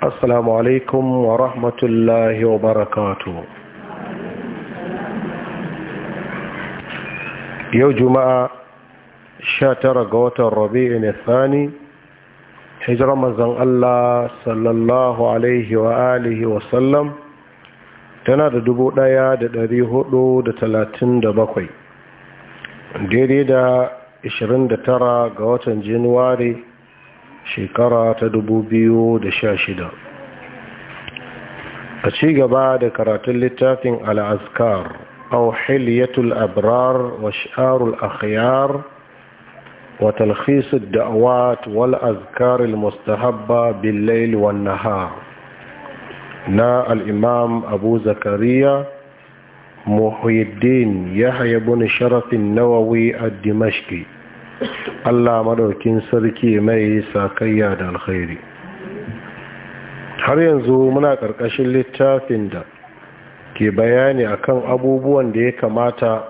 assalamu alaikum wa rahmatullahi wa barakatu yau juma'a sha tara ga watan rabi'u ne tsani hijira manzan Allah tana da dubu ɗaya da ɗari huɗu da 1437 daidai da 29 ga watan januwari shekara ta dubu biyu da sha shida. a ci gaba da karatun littafin al'azkar au hiliyatul abrar wa sha'arul akhyar wa talkhisud da'awat wal azkaril mustahabba billail wan nahar na al'imam abu zakariya muhyiddin yahya bin sharafin nawawi a dimashki Allah maɗaukin sarki mai sakayya da alkhairi har yanzu muna ƙarƙashin littafin da ke bayani akan abubuwan da ya kamata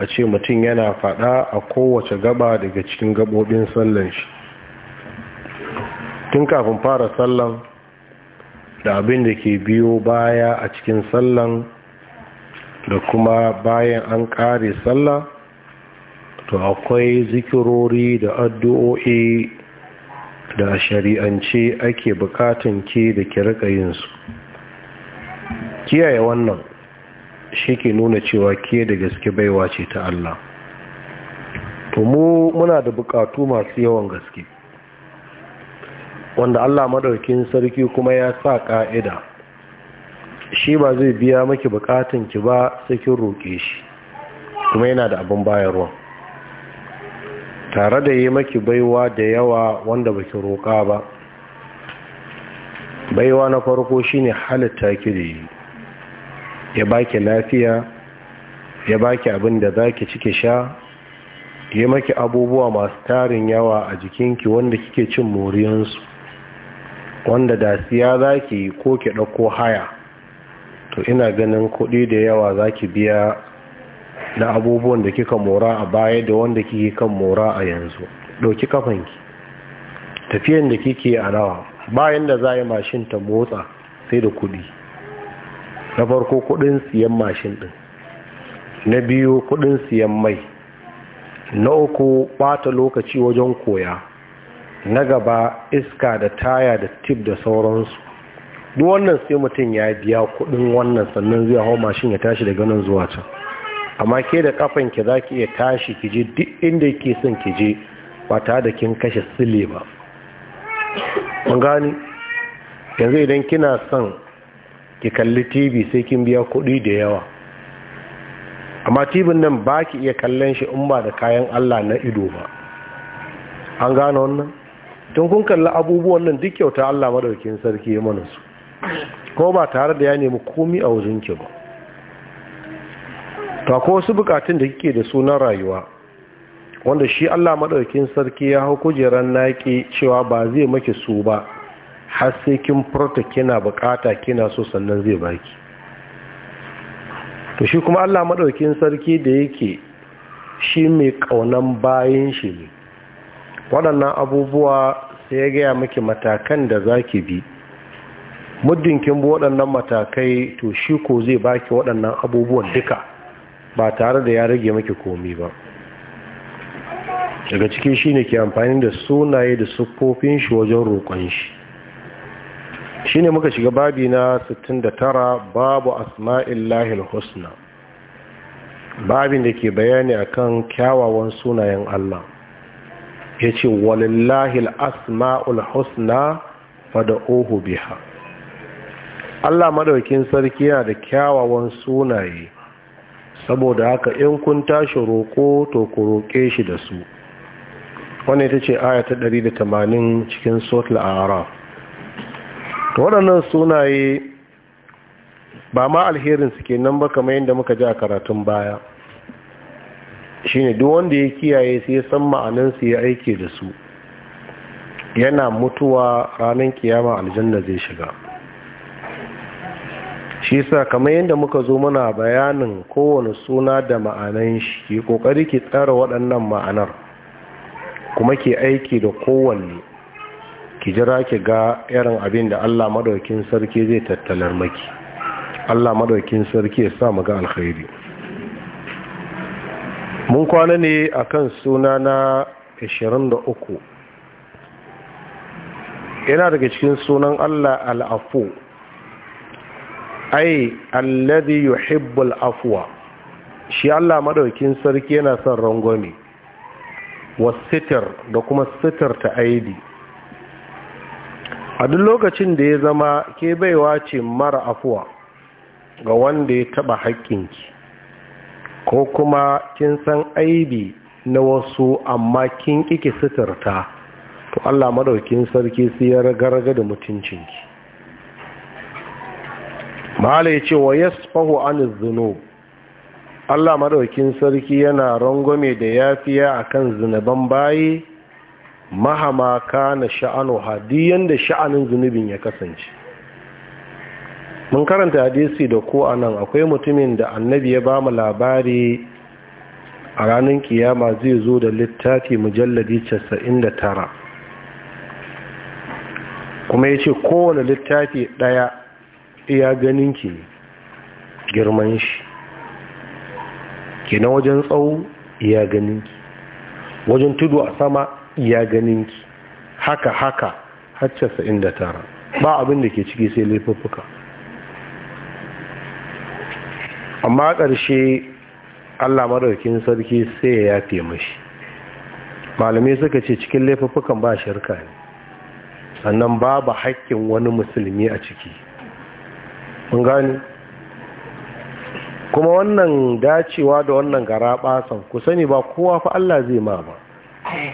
a ce mutum yana faɗa a kowace gaba daga cikin gabobin sallan shi tun kafin fara sallan da abin da ke biyo baya a cikin sallan da kuma bayan an ƙare sallah to akwai zikirori da addu'o'i da shari'ance ake bukatan ke da kirka su. kiyaye wannan shi ke nuna cewa ke da gaske baiwa ce ta Allah to mu muna da bukatu masu yawan gaske wanda Allah madaukin sarki kuma ya sa ka'ida shi ba zai biya maki bukatun ki ba sai kin roke shi kuma yana da abin bayarwa tare da yi maki baiwa da yawa wanda baki roƙa ba baiwa na farko shine halitta ki da yi ya baki lafiya ya baki abin da za ki cike sha ya maki abubuwa masu tarin yawa a jikinki wanda kike cin moriyansu wanda da siya zaki ko ki ɗauko haya to ina ganin kuɗi da yawa za ki biya na abubuwan da kika mora a baya da wanda kike kan mora a yanzu ɗauki kafanki tafiyan da kike a nawa bayan da za a yi mashin ta motsa sai da kuɗi na farko kuɗin siyan mashin ɗin na biyu kuɗin siyan mai na uku ɓata lokaci wajen koya na gaba iska da taya da tip da sauransu duk wannan sai mutum ya biya kuɗin wannan sannan zai hau mashin ya tashi daga nan zuwa can amma ke da kafan ki zaki iya tashi ki je duk inda yake son ki je ba tare da kin kashe sile ba mun gani yanzu idan kina son ki kalli TV sai kin biya kuɗi da yawa amma tibin nan ba ki iya kallon shi in ba da kayan Allah na ido ba an gane wannan tun kun kalli abubuwan nan duk kyauta Allah madaukin sarki ya mana su ko ba tare da ya nemi komi a wajen ki ba to ko wasu bukatun da kike da su rayuwa wanda shi Allah madaukakin sarki ya hau kujeran naki cewa ba zai maki su ba har sai kin furta kina bukata kina so sannan zai baki to shi kuma Allah madaukakin sarki da yake shi mai kaunan bayan shi ne waɗannan abubuwa sai ya gaya miki matakan da zaki bi muddin kin bi waɗannan matakai to shi ko zai baki waɗannan abubuwan duka ba tare da ya rage maki komi ba daga cikin shi ne ke amfani da sunaye da siffofin shi wajen roƙon shi shi ne muka shiga babi na 69 babu asma'illahil husna babin da ke bayani akan kyawawan sunayen Allah ya ce walillahil asma'ul husna ohu biha Allah madaukin sarki yana da kyawawan sunaye saboda haka in kun tashi roƙo to ku roƙe shi da su Wani ita ce aya ta 180 cikin a ara to waɗannan sunaye ba ma alherin su nan ba kamar yadda muka ji a karatun baya shine duk wanda ya kiyaye su ya san ma'anin su ya aike da su yana mutuwa ranar kiyama aljanna zai shiga shi sa kamar yadda muka zo muna bayanin kowane suna da ma'anan shi ke kokari ke tsara waɗannan ma'anar kuma ke aiki da kowanne ki jira ki ga irin abin da Allah madaukin sarki zai tattalar maki Allah madaukin sarki ya sa mu ga alkhairi mun kwana ne a kan suna na 23 yana daga cikin sunan Allah al'afu ai alladhi yuhibbul afwa shi Allah madaukin sarki yana son rangwame wasitir da kuma sitar ta aidi a duk lokacin da ya zama ke baiwa ce mara afuwa ga wanda ya taba ki, ko kuma kin san aibi na wasu amma kin kike sitarta to Allah madaukin sarki sai ya ragarga da mutuncinki mahala ya ce wa yasfahu an zino Allah madaukin sarki yana rangwame da yafiya kan zunuban bayi mahama na sha'anu hadiyan da sha'anin zunubin ya kasance mun karanta hadisi da ko anan akwai mutumin da annabi ya ba mu labari a ranar kiyama zai zo da littafi mujalladi 99 kuma ya ce kowane littafi ɗaya iya ganin ki girman shi kenan wajen tsawo iya ganin ki wajen tudu a sama iya ganin ki haka haka har inda da tara ba abin da ke ciki sai laifuffuka amma karshe allah maraukin sarki sai ya yafe mashi malamai suka ce cikin laifuffukan ba shirka ne sannan babu haƙƙin wani musulmi a ciki mun gani kuma wannan dacewa da wannan gara basan ku sani ba kowa fa Allah zai ma ba eh.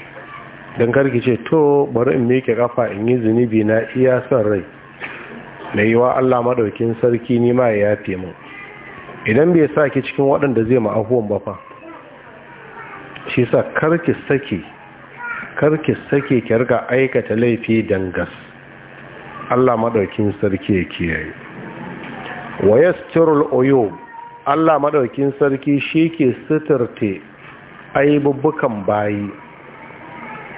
don karki ce to bari in meke kafa in yi zunubi na iya son rai Mai yiwa Allah madaukin sarki ni ma ya yafe min idan bai sa ki cikin waɗanda zai ma'afuwan ba fa shi sa karki sake karki sake ki rika aikata laifi dangas Allah madaukin sarki ya kiyaye wa yastirul Oyo, Allah Maɗaukin sarki shi shike sitirte aibubbukan bayi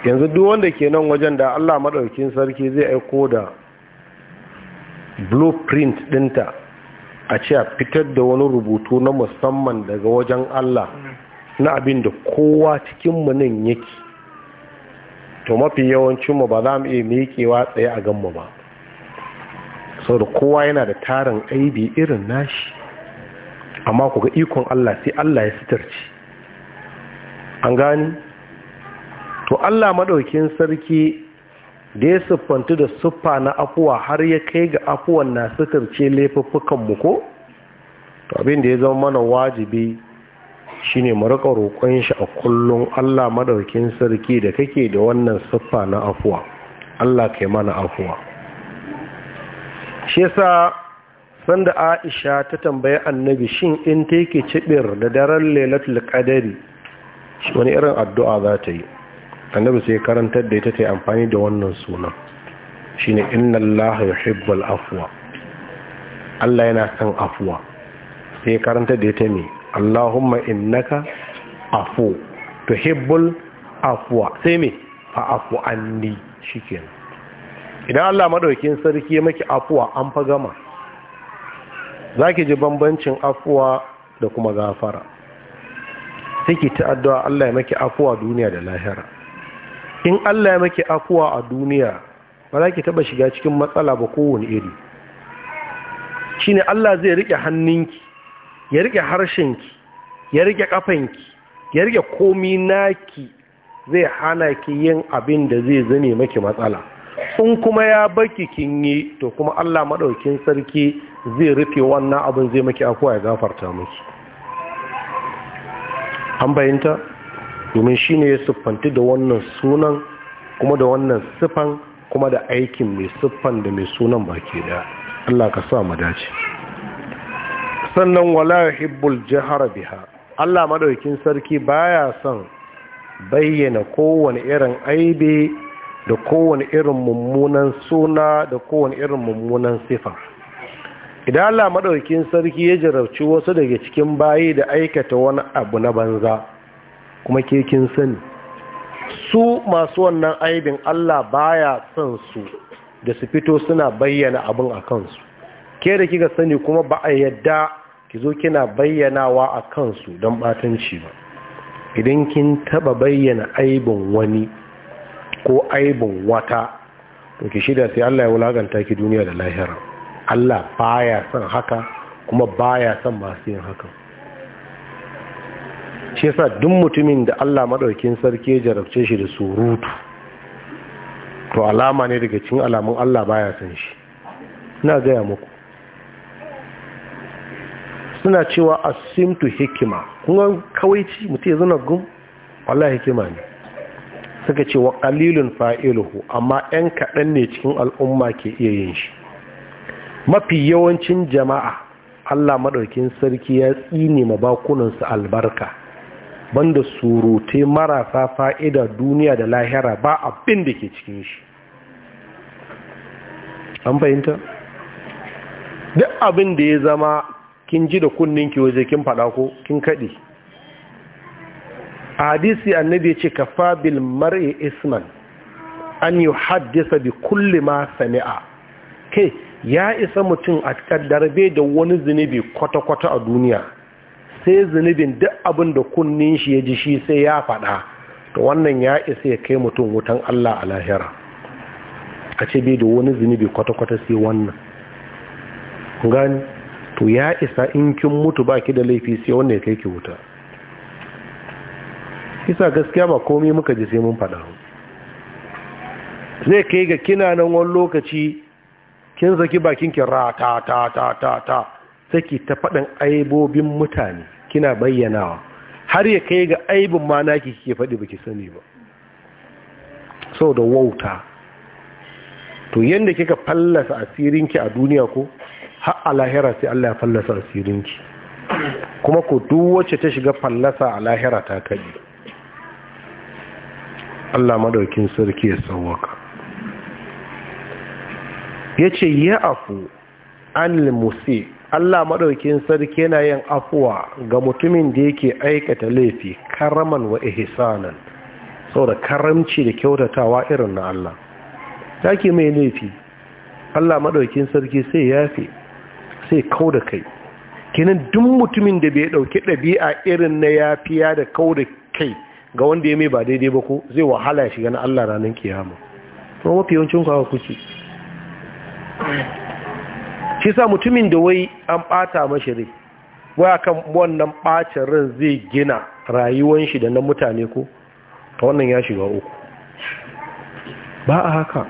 yanzu duk wanda ke nan wajen da Allah Maɗaukin sarki zai aiko da blueprint dinta a ce fitar da wani rubutu na musamman daga wajen Allah na abin da kowa cikin munin nan yake to mafi yawancinmu ba za mu iya miƙewa tsaye a ganmu ba saboda kowa yana da tarin aibi irin nashi amma ku ikon Allah sai Allah ya sitarci an gani to Allah maɗaukin sarki da ya siffantu da siffa na afuwa har ya kai ga afuwan na sitarce laifuffukanmu ko to abin da ya zama mana wajibi shine mu rika roƙon shi a kullum Allah maɗaukin sarki da kake da wannan siffa na afuwa Allah kai mana afuwa shi yasa sanda Aisha ta tambaye Annabi shin in ta yake cibir da daren Lailatul Qadari wani irin addu'a za ta yi Annabi sai karantar da ita ta yi amfani da wannan sunan shine inna Allah yuhibbul afwa Allah yana son afuwa sai karanta da ita ne Allahumma innaka afu tuhibbul afwa sai me fa afu anni shikenan idan Allah maɗaukin sarki ya maki afuwa an fa gama za ki ji bambancin afuwa da kuma gafara sai ki ta'addu'a Allah ya maki afuwa duniya da lahira in Allah ya maki afuwa a duniya ba za ki taɓa shiga cikin matsala ba kowane iri shi ne Allah zai riƙe hannunki ya riƙe harshenki ya riƙe ƙafanki ya riƙe komi naki zai hana ki yin abin da zai zane maki matsala in kuma ya baki kin yi to kuma Allah madaukin sarki zai rufe wannan abin zai maki akwai ya gafarta miki an bayinta domin shine ya siffanti da wannan sunan kuma da wannan siffan kuma da aikin mai siffan da mai sunan baki da Allah ka sa mu dace sannan wala yuhibbul jahara biha Allah madaukin sarki baya son bayyana kowane irin aibe da kowane irin mummunan suna da kowane irin mummunan sifa idan Allah maɗaukin sarki ya jarabci wasu daga cikin bayi da aikata wani abu na banza kuma ke kin sani su masu wannan aibin Allah baya son su da su fito suna bayyana abin a kansu ke da kika sani kuma ba a yadda ki zo kina bayyanawa a kansu don batanci ba idan kin taba bayyana aibin wani ko aibin wata to ki shida sai Allah ya wulaganta ki duniya da lahira Allah baya son haka kuma baya son masu yin haka shi yasa duk mutumin da Allah madaukin sarki ya jarabce shi da surutu to alama ne daga cikin alamun Allah baya son shi ina gaya muku suna cewa asimtu hikima kuma ci mutum ya zuna gum wallahi hikima ne suka ce wa ƙalilun fa'iluhu amma ‘yan kaɗan ne cikin al'umma ke iya yin shi mafi yawancin jama'a allah maɗaukin sarki ya tsine ma bakunansu albarka banda surute marasa fa'ida duniya da lahira ba abin da ke cikin shi an fahimta duk abin da ya zama kin ji da kunninki waje kin faɗa ko kin kaɗi hadisi annabi ya ce ka fabil mar'i isman an yi haddisa bi kulle ma sami'a kai ya isa mutum a kaddarbe da wani zunubi kwata-kwata a duniya sai zunubin duk abin da kunnin shi ya ji shi sai ya faɗa to wannan ya isa ya kai mutum wutan Allah a lahira a ce bai da wani zunubi kwata-kwata sai wannan gani to ya isa in kin mutu baki da laifi sai wannan ya kai ki wuta kisa gaskiya ba komai muka ji sai mun faɗa zai kai ga kina nan wani lokaci kin saki bakin ki ta ta ta ta ta saki ta faɗin aibobin mutane kina bayyanawa har ya kai ga aibin ma naki kike faɗi baki sani ba sau da wauta to yadda kika fallasa asirinki a duniya ko har a lahira sai Allah ya fallasa asirinki kuma ko duk wacce ta shiga fallasa a lahira ta kaɗi Allah madaukin sarki ya sauwaka yace ya afu anil musi Allah madaukin sarki yana yin afuwa ga mutumin da yake aikata laifi karaman wa ihsanan saboda karamci da kyautatawa irin na Allah take mai laifi Allah madaukin sarki sai yafi sai kauda kai kenan duk mutumin da bai dauki dabi'a irin na yafiya da kauda kai ga wanda ya mai ba daidai ba ko zai wahala ya shiga na Allah ranar kiyama kuma mafi yawancin ku kuke shi sa mutumin da wai an ɓata mashi rai wai akan wannan ɓacin ran zai gina rayuwan shi da na mutane ko ta wannan ya shiga uku ba a haka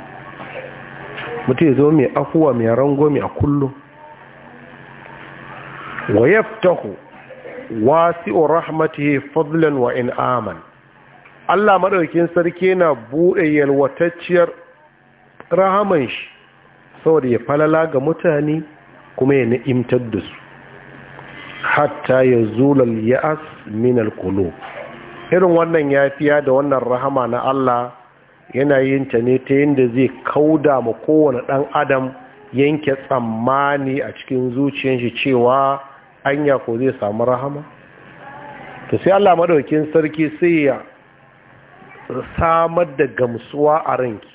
mutum ya zo mai afuwa mai rangwami a kullum wa yaftahu wasi'u rahmatihi fadlan wa in aman Allah maɗaukin sarki yana buɗe yalwatacciyar rahaman shi saboda ya falala ga mutane kuma ya na'imtar da su hatta ya ya ya'as min Kulu. irin wannan yafiya da wannan rahama na Allah yana yin ta ne ta yadda zai kauda ma kowane ɗan adam yanke tsammani a cikin zuciyar shi cewa anya ko zai samu rahama to sai Allah maɗaukin sarki sai ya samar da gamsuwa a ranki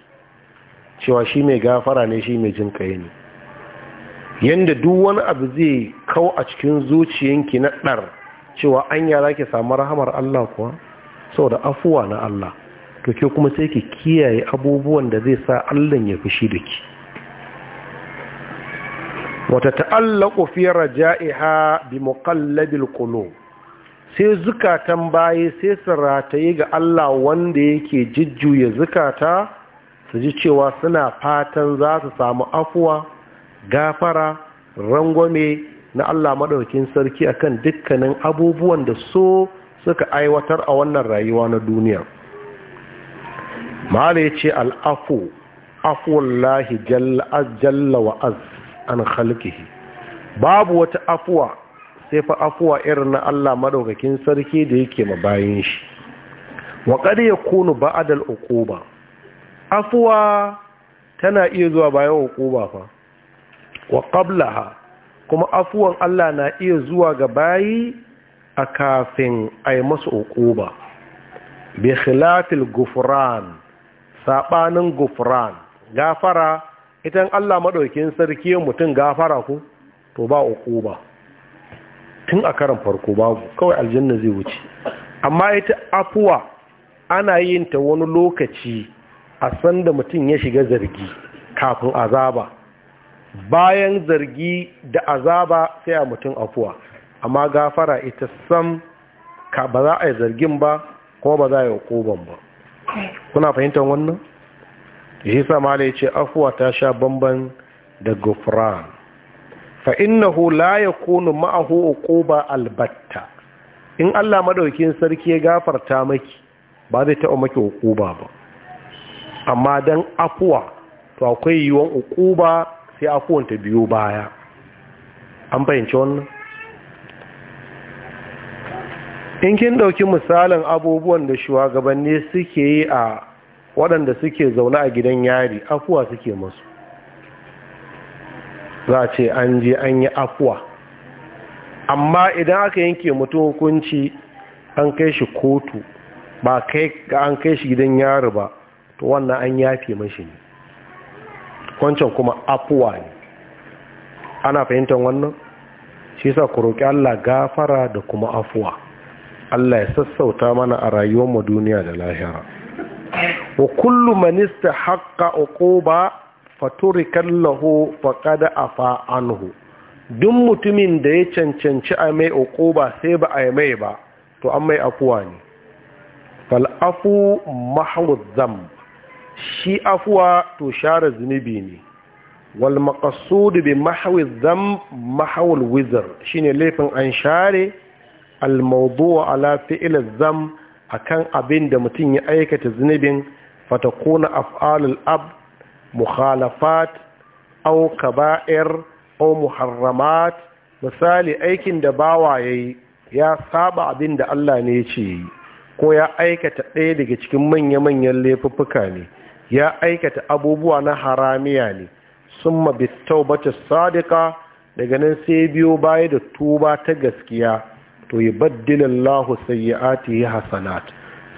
cewa shi mai gafara ne shi mai jin ne yanda duk wani abu zai kau a cikin zuciyanki na ɗar cewa an yara ke samu rahamar Allah kuwa saboda afuwa na Allah to ke kuma sai ki kiyaye abubuwan da zai sa Allah ya shi da ki wata ta'allaqu fi raja'iha bi muqallabil qulub sai zukatan baye sai su rataye ga Allah wanda yake jujjuya zukata su ji cewa suna fatan za su samu afuwa gafara rangwame na Allah maɗaukin sarki akan dukkanin abubuwan da so suka aiwatar a wannan rayuwa na duniya mala ya ce al'afu afuwallahi jalla wa an halkihi babu wata afuwa sai fa afuwa irin na Allah madaukakin sarki da yake ma bayin shi wa qad yakunu ba'da al-uquba afuwa tana iya zuwa bayan uquba fa wa qablaha kuma afuwan Allah na iya zuwa ga bayi a kafin a yi masu uquba bi khilafil gufran sabanin gufran gafara idan Allah madaukakin sarki mutum gafara ku to ba uquba tun a karan farko babu kawai aljanna zai wuce amma ita afuwa ana yin ta wani lokaci a sanda mutum ya shiga zargi kafin azaba bayan zargi da azaba sai a mutum afuwa amma gafara ita sam ka ba za a yi zargin ba kuma ba za a yi koban ba kuna fahimtar wannan? yi sa ya ce afuwa ta sha bamban da gufran fa innahu la yakunu ma'ahu uquba albatta in Allah madaukin sarki ya gafarta maki ba zai taɓa maki uquba ba amma dan afuwa to akwai yiwon uquba sai afuwan ta biyo baya an fahimci wannan in kin ɗauki misalin abubuwan da shugabanni suke yi a waɗanda suke zaune a gidan yari afuwa suke masu za a ce an je an yi afuwa amma idan aka yanke mutum hukunci an kai shi kotu ba kai ga an kai shi gidan yaro ba to wannan an yafe mashi ne kwancan kuma afuwa ne ana fahimtar wannan shi sa ku roƙi Allah gafara da kuma afuwa Allah ya sassauta mana a rayuwar mu duniya da lahira wa kullu manista istahaqqa uquba faturikan fa faƙada a fa'anhu duk mutumin da ya cancanci a mai ba sai ba a yi mai ba to an mai afuwa ne fal'afu mahawuzam shi afuwa to share zunubi ne wal maqasudu bi mahawuzam mahawul wizar shine laifin an share al mawdu'a ala fi'il zam akan abin da mutum ya aikata zunubin fatakuna af'alul abd mukhalafat aw kaba'ir aw muharramat misali aikin da bawa yayi ya saba abin da Allah ne ya ce yi ko ya aikata ɗaya daga cikin manya-manyan laifuffuka ne ya aikata abubuwa na haramiya ne sun mabistau bata sadika daga nan sai biyo baya da tuba ta gaskiya to yi baddilallahu lahu hasanat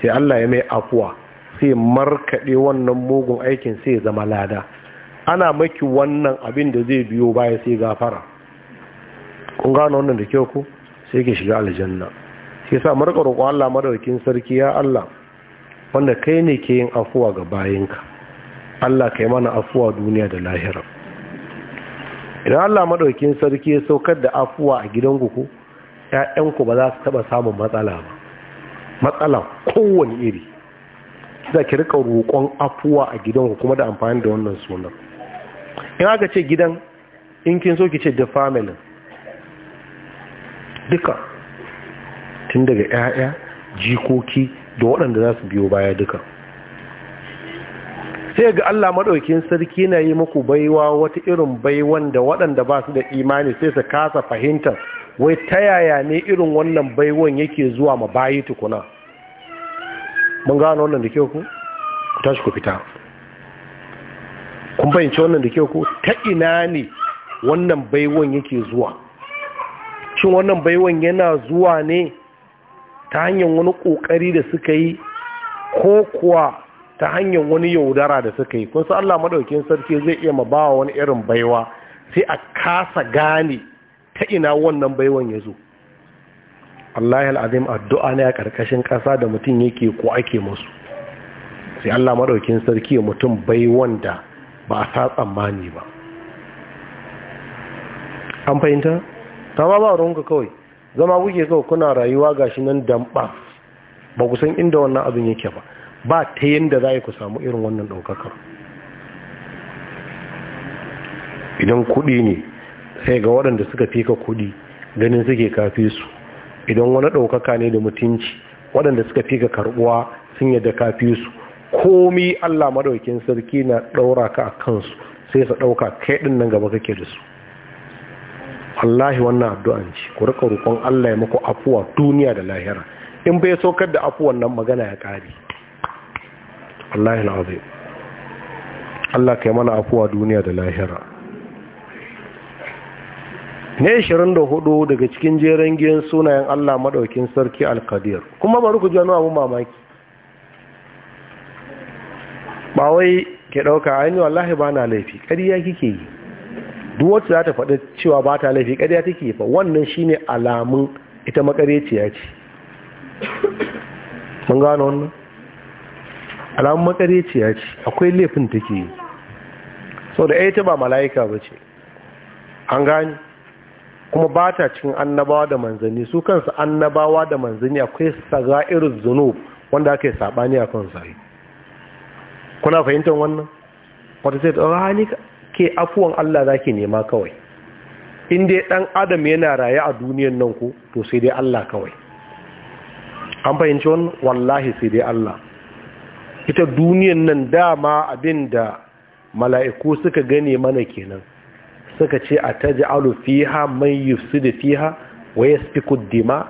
sai Allah ya mai afuwa sai markaɗe wannan mugun aikin sai zama lada ana maki wannan abin da zai biyo baya sai gafara kun gano wannan da kyau ku sai ke shiga aljanna sai sa marka roƙo Allah madaukakin sarki ya Allah wanda kai ne ke yin afuwa ga bayinka Allah kai mana afuwa duniya da lahira idan Allah madaukakin sarki ya saukar da afuwa a gidanku ku ƴaƴanku ba za su taba samun matsala ba matsala kowane iri za ki rika roƙon afuwa a gidanku kuma da amfani da wannan sunan in aka ce gidan in kin so ki ce the family duka tun daga 'ya'ya jikoki da waɗanda za su biyo baya duka sai ga Allah maɗaukin sarki na yi maku baiwa wata irin baiwan da waɗanda ba su da imani sai su kasa fahimtar wai ta yaya ne irin wannan baiwan yake zuwa ma bayi tukuna mun gano wannan da ke ku ku tashi ku fita kun fahimci wannan da ke ku ta ina ne wannan baiwan yake zuwa shin wannan baiwan yana zuwa ne ta hanyar wani kokari da suka yi ko kuwa ta hanyar wani yaudara da suka yi kun san Allah madaukakin sarki zai iya ma bawa wani irin baiwa sai a kasa gane ta ina wannan baiwan ya zo Allah al’adim addu'a ne a ƙarƙashin ƙasa da mutum yake ko ake musu sai Allah maɗaukin sarki mutum bai wanda ba a sa tsammani ba an fahimta? ta ba ba ronka kawai zama kuke kawai kuna rayuwa ga shi nan damba ba ku san inda wannan abin yake ba ba ta yadda za ku samu irin wannan ɗaukakar idan kuɗi ne sai ga waɗanda suka fi ka kuɗi ganin suke kafi su idan wani ɗaukaka ne da mutunci waɗanda suka fi ka karɓuwa sun yadda ka fi su komi allah maɗaukin sarki na ɗaura ka a kansu sai su ɗauka kai ɗin nan gaba kake da su wallahi wannan addu'an ku rika roƙon allah ya muku afuwa duniya da lahira in bai saukar da afuwan nan magana ya ƙare wallahi al'azim allah kai mana afuwa duniya da lahira ne 24 daga cikin jeren giyan sunayen Allah maɗaukin sarki alkadir kuma bari ku jano abu mamaki ba wai ke dauka ne wallahi ba na laifi ƙarya kike yi duwatsu za ta faɗi cewa ba ta laifi ƙarya take fa wannan shine alamun ita makareciya ce mun gano wannan alamun makareciya ce akwai laifin take yi sau da ita ba mala'ika ba ce an gani kuma ba ta cikin annabawa da manzanni su kansu annabawa da manzanni akwai irin zunub wanda aka yi sabani a kan sai kuna fahimtar wannan wata sai da rani ah, ke afuwan Allah zaki nema kawai in dai ɗan adam yana raye a duniyar nan ku to sai dai Allah kawai an fahimci wannan wallahi sai dai Allah ita duniyar nan dama abin da mala'iku suka gane mana kenan suka ce a ta ji alu fiha mai yufsu da fiha wa ya kuddi ma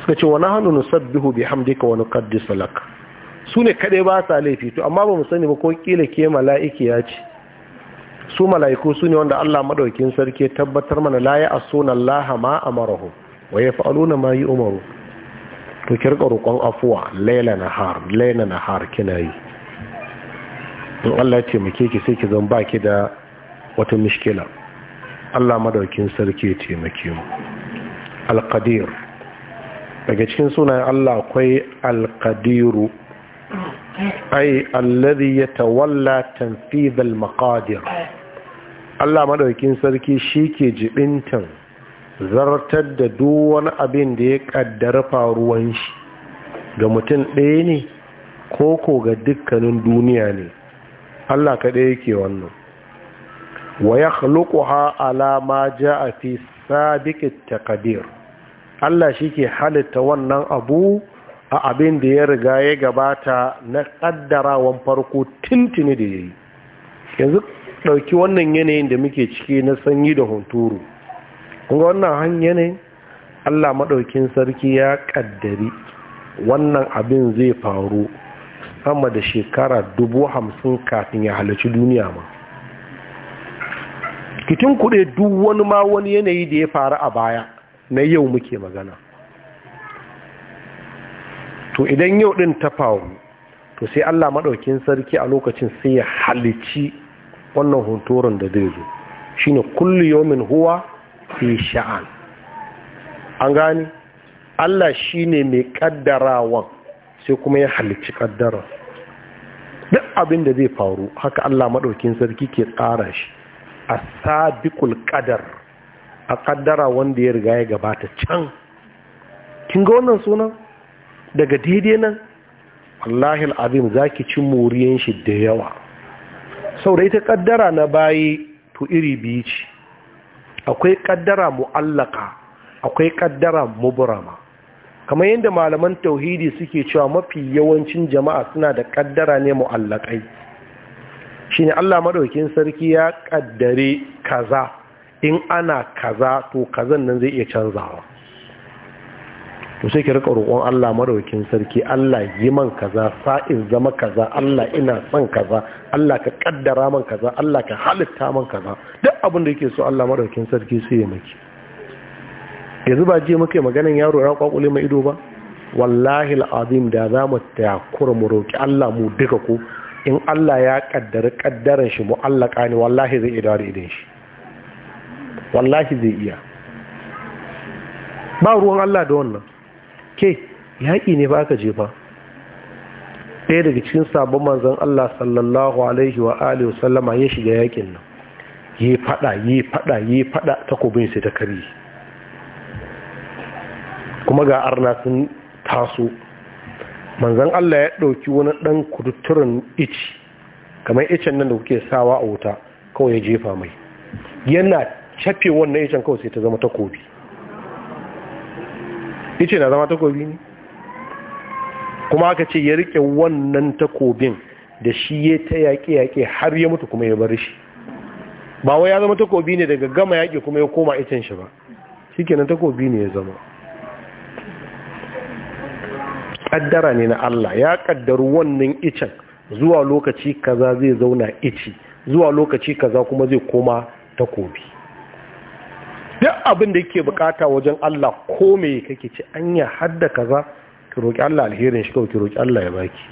suka ce wani hannu sabbihu bi hamdika wani kaddi salak su ne kaɗai ba sa laifi to amma ba mu sani ba ko kila ke mala'iki ya ce su mala'iku su ne wanda Allah maɗaukin sarki tabbatar mana layi a asuna laha ma marahu wa yaf'aluna ma yi umaru. to kirka roƙon afuwa laila nahar laila har kina yi in Allah ya ce muke ki sai ki zan ki da wata mishkila Allah madaukin sarki taimake mu alqadir daga cikin sunayen Allah akwai alkadiru ay alladhi yatawalla tanfidh makadir. Allah madaukin sarki shi ke jibintan zartar da duk wani abin da ya kaddara faruwan shi ga mutum ɗaya ne ko ko ga dukkanin duniya ne Allah kaɗai yake wannan wa ya khluquha ala ma jaa fi sabiqit taqdir Allah shike halitta wannan abu a abin da ya riga ya gabata na kaddarawan farko tintini da yayi yanzu ɗauki wannan yanayin da muke ciki na sanyi da hunturu kun wannan hanya ne Allah madaukin sarki ya ƙaddari wannan abin zai faru sama da shekara dubu hamsin kafin ya halarci duniya ma ki kuɗe duk wani ma wani yanayi da ya faru a baya na yau muke magana to idan yau ɗin ta faru to sai Allah maɗaukin sarki a lokacin sai ya halici wannan hunturan da zai zo shine kullu yomin huwa fi sha'an an gani Allah shi ne mai ƙaddarawan sai kuma ya halici ƙaddara, duk abin da zai faru haka Allah maɗaukin sarki ke tsara shi a sabiƙul ƙadar a kaddara wanda ya riga ya gabata can kin ga wannan sunan daga daidai nan wallahi al'azim zaki ci moriyan shi da yawa saboda ita kaddara na bayi to iri biyu ce akwai kaddara mu'allaka akwai kaddara mubrama kamar yadda malaman tauhidi suke cewa mafi yawancin jama'a suna da kaddara ne mu'allakai shine Allah maɗaukin sarki ya kaddare kaza in ana kaza to kazan nan zai iya canzawa to sai ki rika roƙon Allah maɗaukin sarki Allah yi man kaza sa'in zama kaza Allah ina son kaza Allah ka kaddara man kaza Allah ka halitta man kaza duk abin da yake so Allah madaukin sarki sai ya miki yanzu ba je muke maganin yaro ya kwakule mai ido ba wallahi al'azim da za mu takura mu roƙi Allah mu duka ko in Allah ya kaddara kaddaran shi mu'allaka ne wallahi zai idare idan shi wallahi zai iya ba ruwan Allah da wannan ke yaƙi ne ba je ba ɗaya daga cikin sabon manzan Allah sallallahu alaihi wa alihi sallama ya shiga yaƙin nan yi fada yi fada yi fada takobin sai ta kari kuma ga arna sun taso manzan Allah ya ɗauki wani ɗan kututturen ici kamar icen nan da kuke sawa a wuta kawai ya jefa mai yana cafe wannan icen kawai sai ta zama takobi ice na zama takobi ne kuma aka ce ya rike wannan takobin da shi ya ta yaƙe-yaƙe har ya mutu kuma ya bar shi ba wai ya zama takobi ne daga gama yaƙe kuma ya koma icen shi ba shi takobi ne ya zama Ƙaddara ne na Allah ya kaddaru wannan icen zuwa lokaci kaza zai zauna ici zuwa lokaci kaza kuma zai koma takobi duk abin da yake bukata wajen Allah ko me kake ci anya hadda kaza ki roki Allah alherin shi kawai ki roki Allah ya baki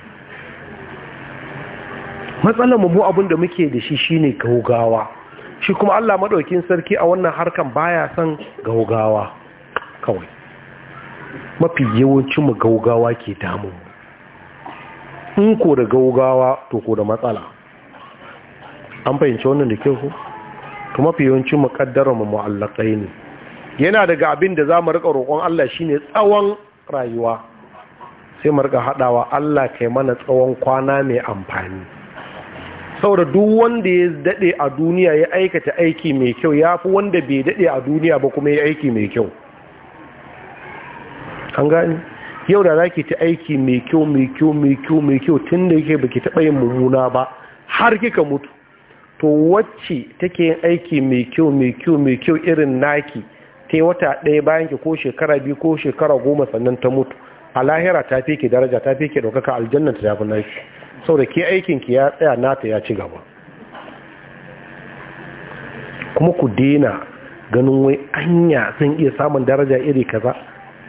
matsalar mu abin da muke da shi shine gaugawa shi kuma Allah madaukin sarki a wannan harkan baya son gaugawa kawai mafi yawancin mu gaugawa ke damun in ko da gaugawa to ko da matsala an fahimci wannan da kyau to mafi yawancin mu kaddara mu mu'allakai ne yana daga abin da za mu rika roƙon Allah shine tsawon rayuwa sai mu rika hadawa Allah kai mana tsawon kwana mai amfani saboda duk wanda ya dade a duniya ya aikata aiki mai kyau yafi wanda bai dade a duniya ba kuma ya aiki mai kyau an gani yau da za ki ta aiki mai kyau mai kyau mai kyau mai kyau tun da yake baki taɓa yin mummuna ba har kika mutu to wacce take yin aiki mai kyau mai kyau mai kyau irin naki ta yi wata ɗaya bayan ki ko shekara biyu ko shekara goma sannan ta mutu a lahira ta fi ki daraja ta fi ki ɗaukaka aljanna ta yafi naki saboda ke aikin ki ya tsaya nata ya ci gaba kuma ku daina ganin wai anya zan iya samun daraja iri kaza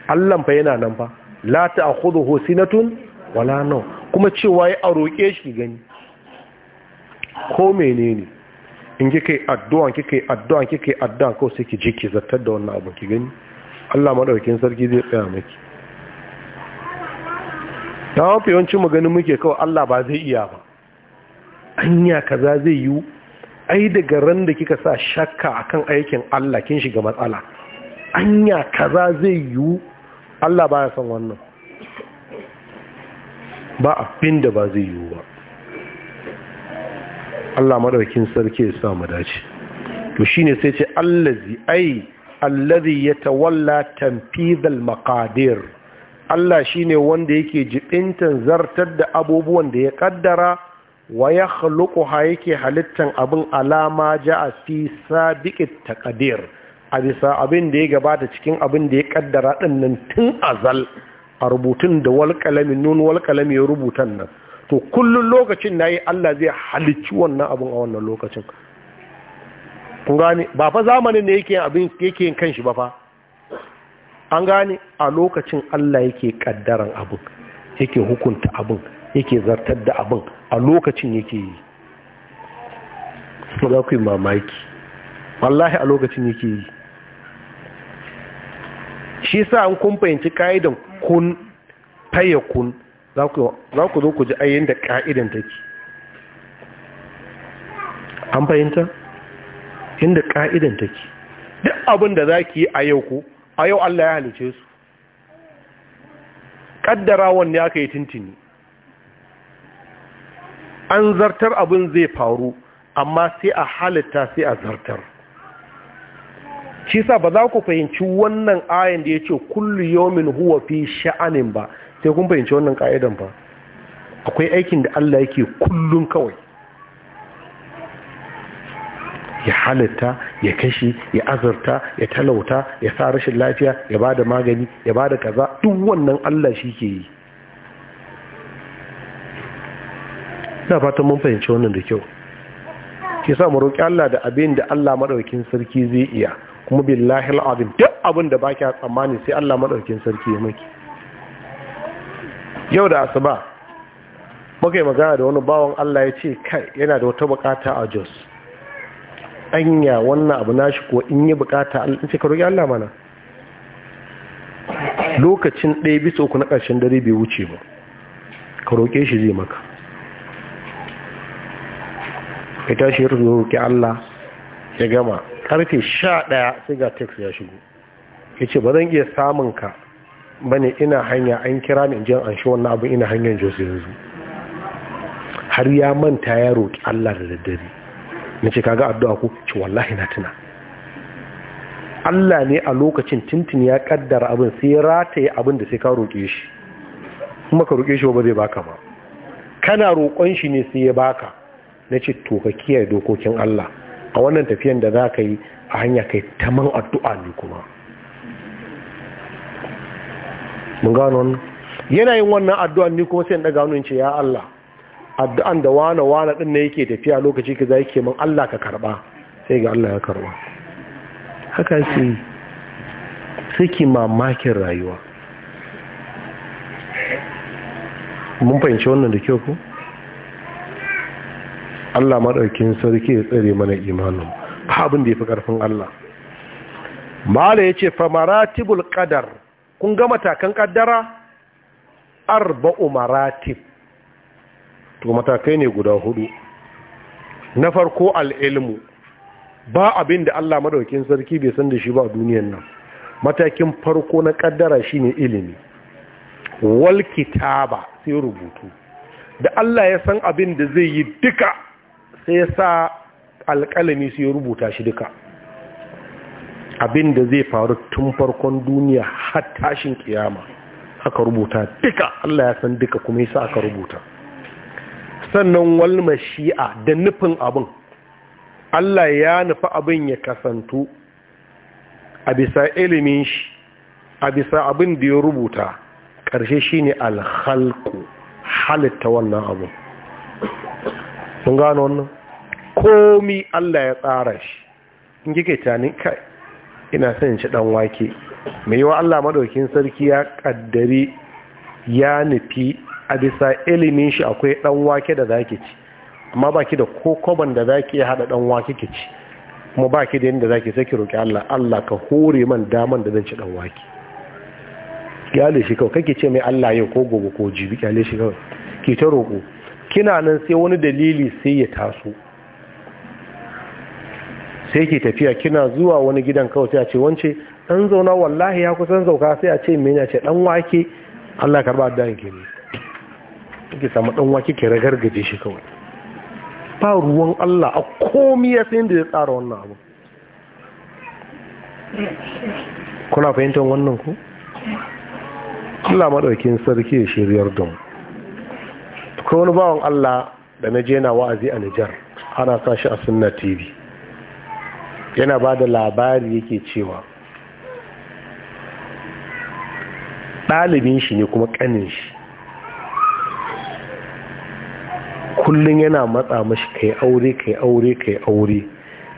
Allah fa yana nan fa la ta'khudhuhu sinatun wala naw kuma cewa ya roke shi gani ko menene in kike addu'a kike addu'a kike addu'a ko sai ki jiki zartar da wannan abu ki gani Allah madaukakin sarki zai tsaya miki ta wafi yawancin maganin muke kawai Allah ba zai iya ba anya kaza zai yi ai daga ran da kika sa shakka akan aikin Allah kin shiga matsala anya kaza zai yi Allah ba ya son wannan ba abin da ba zai yiwu ba Allah madaukin sarki ya sa mu dace to shine sai ce allazi ai allazi yatawalla tanfidhal maqadir Allah shine wanda yake jibintan zartar da abubuwan da ya kaddara wa yakhluquha yake halittan abin alama ja'a fi sabiqit taqdir a bisa abin da ya gabata cikin abin da ya kaddara nan tun azal a rubutun da walƙalamin nun walƙalami ya rubutan nan to kullum lokacin na yi Allah zai halicci wannan abin a wannan lokacin kun gane ba fa zamanin da yake abin yake yin kanshi ba fa an gane a lokacin Allah yake kaddaran abin yake hukunta abin yake zartar da abin a lokacin yake yi za ku yi mamaki wallahi a lokacin yake yi shi sa an kun fahimci ka'idan kun taya kun za ku zo ku ji ayyan da ka'idan take an fahimta inda ka'idan take duk abin da za ki yi a yau ku a yau Allah ya halice su kaddara wanda ka yi tintini an zartar abin zai faru amma sai a halitta sai a zartar shi sa ba za ku fahimci wannan ayan da ya ce kullu yomin huwa fi sha'anin ba sai kun fahimci wannan ka'idan ba akwai aikin da Allah yake kullun kawai ya halitta ya kashi ya azurta ya talauta ya sa rashin lafiya ya ba da magani ya ba da kaza duk wannan Allah shi ke yi na fatan mun fahimci wannan da kyau ke sa mu roƙi Allah da abin da Allah maɗaukin sarki zai iya kuma billahi duk abin da baki tsammani sai Allah madaukin sarki ya maki yau da asuba muka yi magana da wani bawan Allah ya ce kai yana da wata bukata a Jos anya wannan abu shi ko in yi bukata Allah ce ka roƙi Allah mana lokacin ɗaya bisa uku na ƙarshen dare bai wuce ba ka roƙe shi zai maka ka tashi ya roƙi Allah ya gama karfe sha ɗaya sai ga teks ya shigo ya ce ba zan iya samun ka bane ina hanya an kira ni jin an shi wannan abin ina hanyar jose yanzu har ya manta ya roƙi allah da daddare na ce kaga addu'a ko ci wallahi na tuna allah ne a lokacin tintin ya kaddara abin sai ya rataye abin da sai ka roƙe shi kuma ka roƙe shi ba zai baka ba kana roƙon shi ne sai ya baka na ce to ka kiyaye dokokin allah a wannan tafiyan da za ka yi a hanya kai taman addu'a ne kuma mun gano wannan yana yin wannan addu'a ne kuma sai in daga hannun ce ya Allah addu'an da wane wane ɗin ne yake tafiya lokaci za yake min Allah ka karba sai ga Allah ya karba haka sai suke mamakin rayuwa mun fahimci wannan da kyau ko Allah maɗaukin sarki ya tsare mana imanin abin da ya fi ƙarfin Allah mala ya ce famaratibul ƙadar kun ga matakan ƙaddara arba'u maratib to matakai ne guda hudu na farko al'ilmu ba abin da Allah maɗaukin sarki bai san da shi ba duniyan nan matakin farko na ƙaddara shine ilimi wal kitaba sai rubutu da Allah ya san abin da zai yi duka sai ya sa alƙalami su ya rubuta shi duka abinda zai faru tun farkon duniya har tashin kiyama aka rubuta duka Allah ya san duka kuma yasa aka rubuta sannan walma shi'a da nufin abin Allah ya nufi abin ya kasantu a bisa ilimin shi a bisa abin da ya rubuta ƙarshe shine alhalku halitta wannan abin sun gano wannan komi Allah ya tsara shi in kike tani kai ina son shi dan wake mai yiwa Allah madaukin sarki ya kaddari ya nufi a bisa ilimin shi akwai dan wake da zaki ci amma baki da ko da zaki ya hada dan wake ki ci kuma baki da yanda zaki saki ki roki Allah Allah ka hore man daman da zan ci dan wake kyale shi kawai kake ce mai Allah yau ko gobe ko jibi kyale shi ki ta roko kina nan sai wani dalili sai ya taso sai ke tafiya kina zuwa wani gidan kawai sai a ce wance dan zauna wallahi ya kusan zauka sai a ce mene ce dan wake Allah karba da ki ne ke samu dan wake ki ragargaje shi kawai ba ruwan Allah a komi ya san da ya tsara wannan abu kuna fahimtar wannan ku Allah maɗaukin sarki ya shiryar da mu akwai wani bawan Allah da na je na wa'azi a Nijar ana sa shi a sunna TV yana ba da labari yake cewa ɗalibin shi ne kuma ƙanin shi kullum yana matsa mashi kai aure kai aure kai aure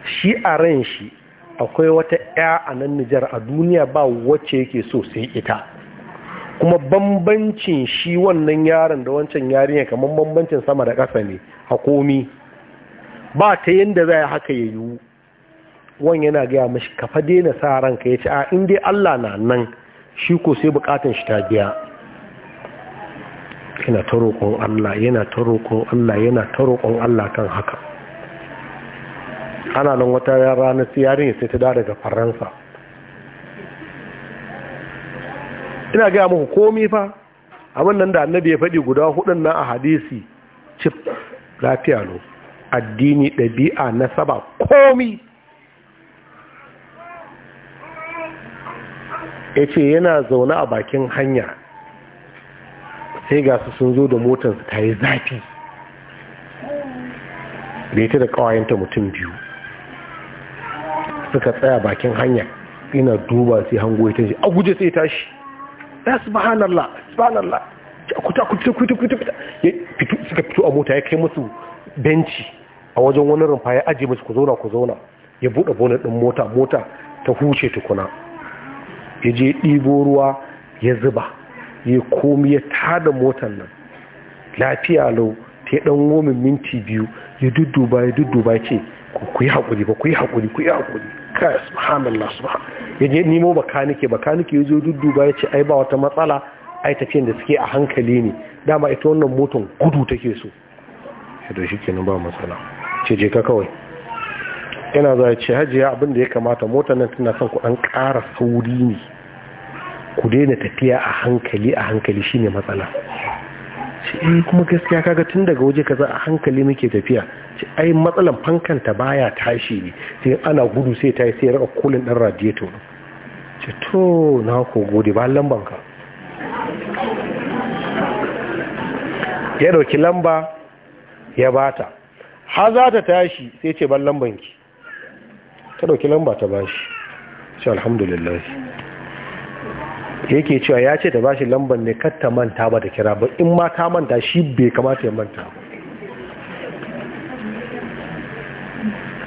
shi a ran shi akwai wata 'ya a nan nijar a duniya ba wacce yake so sai ita kuma bambancin shi wannan yaron da wancan yarinya kamar bambancin sama da ƙasa ne a komi ba ta yadda za a haka ya yiwu wani yana gaya mashi kafa daina sa ranka ya ce a inda Allah na nan shi ko sai bukatan shi ta biya yana ta roƙon Allah yana ta roƙon Allah yana ta roƙon Allah kan haka ana nan wata ranar yarin sai ta dawo daga faransa ina gaya muku komi fa abin nan da annabi ya faɗi guda hudun na a hadisi cif lafiya no addini ɗabi'a na saba komi ya ce yana zaune a bakin hanya sai gasu sun zo da motarsu ta yi zafi da ita da ƙawayenta mutum biyu suka tsaya bakin hanya ina duba sai hango ta je a guje sai tashi ya subhanallah subhanallah kuta kuta kuta kuta kuta suka fito a mota ya kai musu benci a wajen wani rumfa ya aje musu ku zauna ku zauna ya buɗe bonet ɗin mota mota ta huce tukuna ya je ɗibo ruwa ya zuba ya komi ya tada motan nan lafiya lau ta ɗan gomin minti biyu ya dudduba ya dudduba ce ku yi hakuri ba ku yi hakuri ku yi hakuri. kai subhanallah subhanallah yaje nemo bakanike bakanike yazo dudduba yace ai ba wata matsala ai tafiyan da suke a hankali ne dama ita wannan motan gudu take so to shikenan ba matsala ce je ka kawai yana za ce hajiya abin da ya kamata motar nan tana son ku dan ƙara sauri ne ku daina tafiya a hankali a hankali shine matsala ce eh kuma gaskiya kaga tun daga waje kaza a hankali muke tafiya ce ai matsalan fankanta ta baya tashi ne sai ana gudu sai ta yi sai raka kulin dan radiator ce to na ko gode ba lamban ka ya dauki lamba ya bata ha za ta tashi sai ce ban lamban ki ta dauki lamba ta bashi shi alhamdulillah yake cewa ya ce ta ba shi lambar ne kar ta manta ba ta kira ba in ma ta manta shi bai kamata ya manta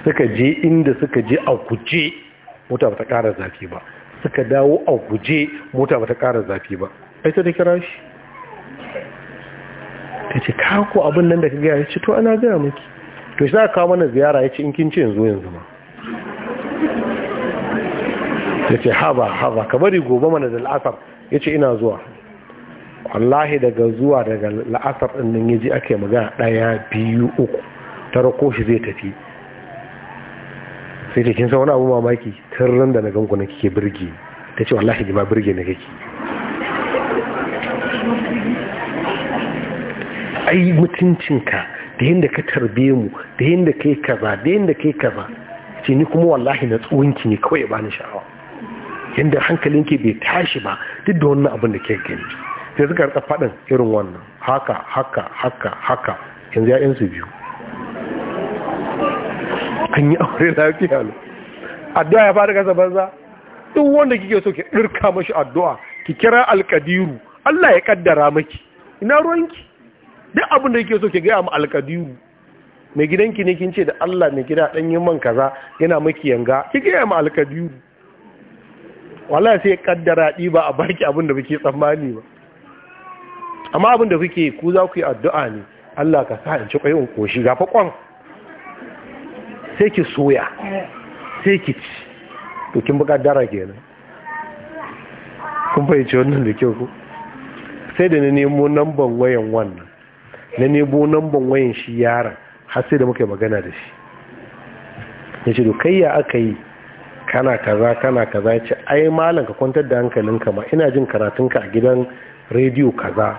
suka je inda suka je a guje mota ba ta kara zafi ba suka dawo a guje mota ba ta kara zafi ba ai ta da kira shi ta ce kako abin nan da ka gaya ya ce to ana gaya maki to shi za ka kawo mana ziyara ya ce in kin ce yanzu yanzu ma ya ce haba haza ka bari gobe mana da la'asar ya ce ina zuwa wallahi daga zuwa daga la'asar ɗin nan ya ji ake magana ɗaya biyu uku ta rako shi zai tafi sai ce kin san wani abu mamaki tun da na ganku na kike birge ta ce wallahi ji ma birge na kake ai mutuncinka da yadda ka tarbe mu da yadda ka yi kaza da yadda ka yi kaza ce ni kuma wallahi na tsohonki ne kawai ba ni sha'awa inda hankalinki bai tashi ba duk da wannan abin da ke gani sai suka rika faɗin irin wannan haka haka haka haka yanzu ya'yan su biyu an yi aure lafiya lo addu'a ya fara kasa banza duk wanda kike so ki dirka mashi addu'a ki kira alkadiru Allah ya kaddara maki ina ruwanki duk abin da kike so ki gaya ma alkadiru mai gidanki ne kin ce da Allah mai gida dan yi man kaza yana maki yanga ki gaya ma alkadiru wala sai kaddara ba a baki abin da kuke tsammani ba amma abin da kuke ku za ku yi addu'a ne Allah ka sa in ci kwayon koshi gafa kwan sai ki soya sai ki ci to kin bi kaddara kenan kun fahimci wannan da kyau ku sai da na nemo namban wayan wannan na nemo namban wayan shi yaron har sai da muka yi magana da shi ya ce to kai ya aka yi kana kaza kana kaza ya ce ai malam ka kwantar da hankalinka ma ina jin karatun ka a gidan rediyo kaza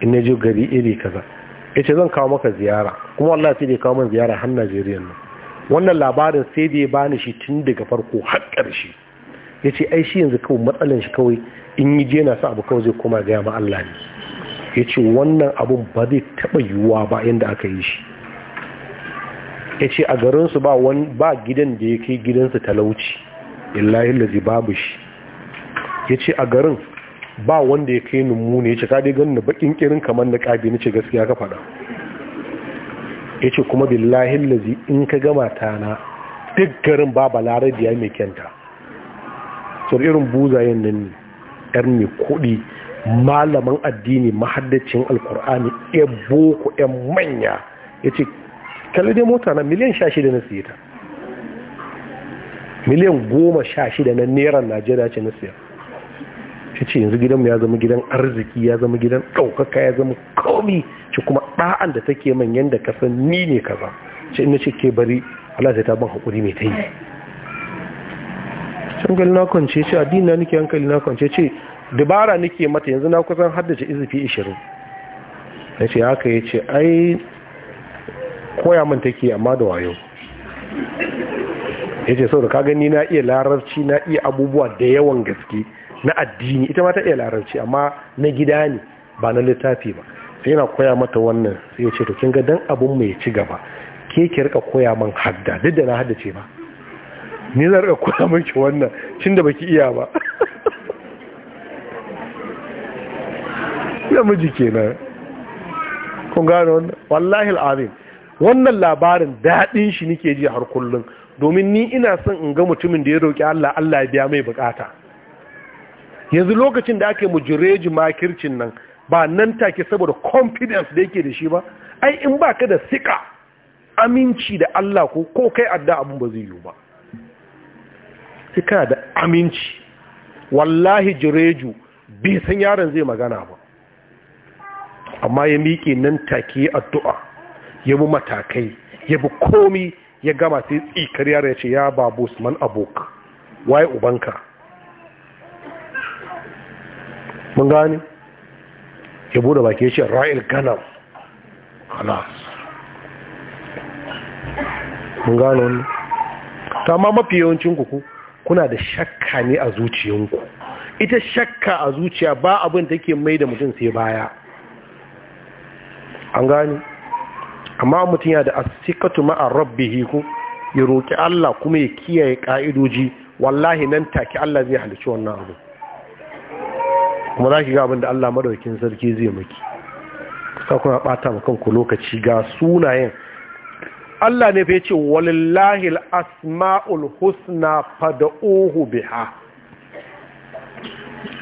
in na gari iri kaza ya ce zan kawo maka ziyara kuma wallahi sai da kawo min ziyara har Najeriya nan wannan labarin sai da ya bani shi tun daga farko har ƙarshe ya ce ai shi yanzu kawai matsalan shi kawai in yi je na sa abu kawai zai koma gaya ma Allah ne ya ce wannan abun ba zai taɓa yiwuwa ba yadda aka yi shi ya ce a garinsu ba gidan da ya kai gidansu talauci illahi lazi babu shi ya ce a garin ba wanda ya kai ne ya ce kaɗe ganin baƙin kirin kamar na ƙabi na ce gaskiya ka faɗa ya ce kuma billahi lazi in ka gama ta na duk garin ba balarar da ya mai kyanta sau irin buzayen nan ne yar mai kuɗi malaman addini mahaddacin alkur'ani ya boko ya manya ya ce kalli dai mota na miliyan sha shida na siya ta miliyan goma sha shida na neran najeriya ce na siya shi ce yanzu gidanmu ya zama gidan arziki ya zama gidan ɗaukaka ya zama komi ce kuma ɗa'an da take man yadda ka san ni ne kaza ce ina ce ke bari Allah sai ta ban haƙuri mai ta yi hankali na kwance ce addini na nake hankali na kwance ce dabara nake mata yanzu na kusan haddace izifi 20 ya ce haka ya ce ai koya min take amma da wayo ya ce saboda ka gani na iya larabci na iya abubuwa da yawan gaske na addini ita ma ta iya larabci amma na gida ne ba na littafi ba sai yana koya mata wannan sai ya ce to kin ga dan abun mai ci gaba ke ki rika koya min hadda duk da na hadda ce ba ni zan rika koya miki wannan tunda baki iya ba namiji kenan kun gano wallahi al'azim wannan labarin daɗin shi nike ji har kullum domin ni ina son in ga mutumin da ya roƙi Allah Allah ya biya mai bukata yanzu lokacin da aka yi mujireji makircin nan ba nan take saboda confidence da yake da shi ba ai in ba ka da sika aminci da Allah ko ko kai adda abin ba zai yi ba sika da aminci wallahi jireju bai san yaron zai magana ba amma ya miƙe nan take addu'a ya bi matakai ya bi komi ya gama sai tsikar yara ya ce ya babu usman abok waye ubanka mun gani ya bude baki ya ce ra'il ganam halas mun gani wani. ta ma mafi yawancin ku kuna da shakka ne a zuciyanku ita shakka a zuciya ba abin da ke mai da mutum sai baya an gani amma mutum yana da asikatu ma'a rabbihi ku ya roƙi Allah kuma ya kiyaye ƙa'idoji wallahi nan take Allah zai halicci wannan abu kuma za ki ga abin da Allah madaukin sarki zai maki kusa kuna ɓata ma kanku lokaci ga sunayen Allah ne fa ce walillahi al’asma’ul asmaul husna fad'uhu biha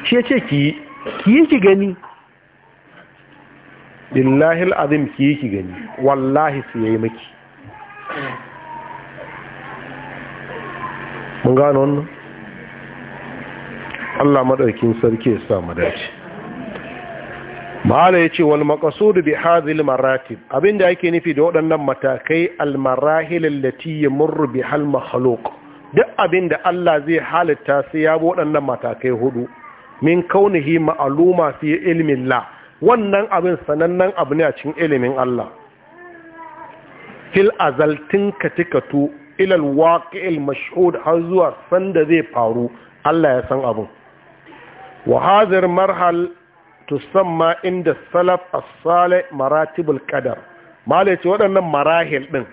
shi ce ki ki ki gani billahi azim ki yi ki gani wallahi su yayi maki mun gano wannan Allah madaukin sarki ya sa mu dace mala yace wal maqsud bi hadhihi maratib abinda yake nufi da waɗannan matakai al marahil allati murru, bi hal makhluq duk abinda Allah zai halitta sai ya bi waɗannan matakai hudu min kaunihi ma'aluma fi ilmin la wannan abin sanannen abu ne a cikin ilimin Allah fil azaltin katikatu ilal waqi'il mashhud har zuwa sanda zai faru Allah ya san abin wa hazir marhal tusamma inda salaf as-salih maratibul qadar malai ce waɗannan marahil ɗin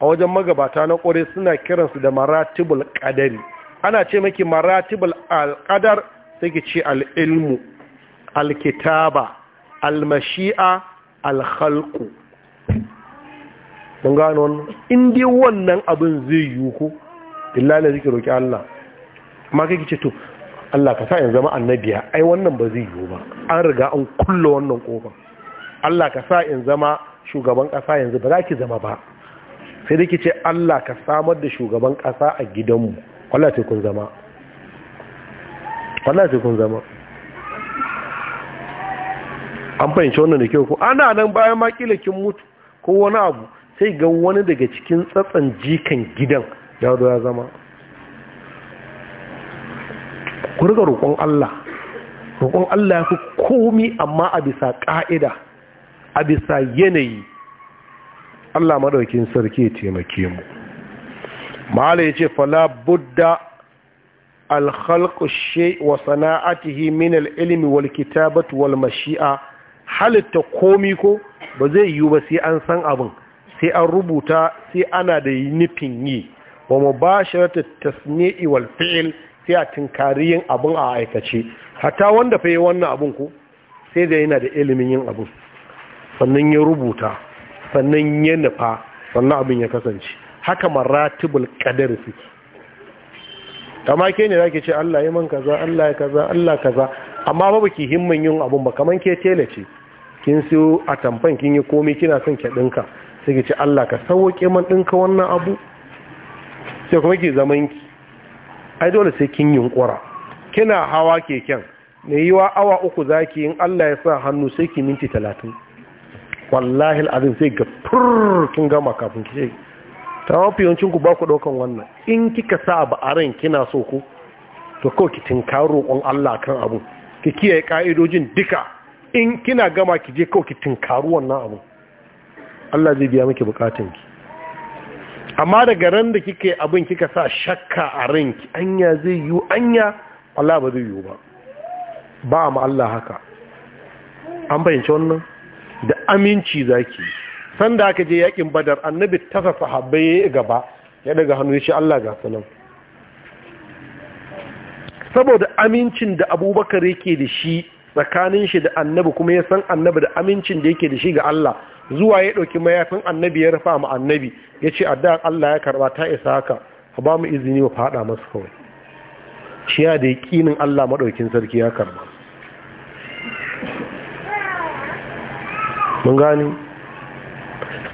a wajen magabata na ƙwarai suna kiransu da maratibul qadari ana ce maki maratibul al-qadar sai ki ce al-ilmu al almashi'a alhalku mun gano wannan indi wannan abin zai yi ku illahi zai roƙi Allah amma kai kice to Allah ka sa in zama annabiya ai wannan ba zai yi ba an riga an kulle wannan kofar Allah ka sa in zama shugaban kasa yanzu ba za ki zama ba sai dai kice Allah ka samar da shugaban kasa a gidanmu wallahi sai kun zama wallahi sai kun zama an fahimci wannan da kyau ko ana nan bayan ma kin mutu ko wani abu sai ga wani daga cikin tsatsan jikan gidan ya zo ya zama ku riga roƙon Allah roƙon Allah ya fi komi amma a bisa ƙa'ida a bisa yanayi Allah madaukin sarki ya taimake mu mala ya ce fala budda alhalƙu wa sana'atihi min al'ilmi wal kitabatu wal mashi'a halitta komi ko ba zai yiwu ba sai an san abin sai an rubuta sai ana da nufin yi wa mubasharatu tasni'i wal fi'il sai a tinkari yin abin a aikace hatta wanda fa yi wannan abin ko sai da yana da ilimin yin abin sannan ya rubuta sannan ya nufa sannan abin ya kasance haka maratibul qadar suke kama ke ne zaki ce Allah ya man kaza Allah ya kaza Allah kaza amma ba baki himmin yin abin ba kaman ke tele ce kin siyo a tamfan kin yi komai kina son ki dinka sai ki ce Allah ka sauke man dinka wannan abu sai kuma ki zaman ki ai dole sai kin kura kina hawa keken ne yiwa awa uku zaki in Allah ya sa hannu sai ki minti 30 wallahi alazim sai ga fur kin gama kafin ki ce tawafi yancin ku ba ku daukan wannan in kika sa ba a ran kina so ku to ko ki tinkaro roƙon Allah kan abu ki kiyaye ka'idojin duka in kina gama ki je kawai ki tinkaru wannan abu Allah zai biya miki bukatun ki amma daga ran da kike abin kika sa shakka a ranki anya zai yiwu anya Allah ba zai yiwu ba ba ma Allah haka an bayyana wannan da aminci zaki sanda aka je yakin badar annabi tasa sahabbai gaba ya daga hannu ya ce Allah ga sanan saboda amincin da abubakar yake da shi tsakanin shi da annabi kuma ya san annabi da amincin da yake da shi ga Allah zuwa ya ɗauki mayafin annabi ya rufa ma annabi ya ce da Allah ya karba ta isa haka a ba mu izini mu faɗa masu kawai shi ya da yaƙinin Allah maɗaukin sarki ya karba mun gani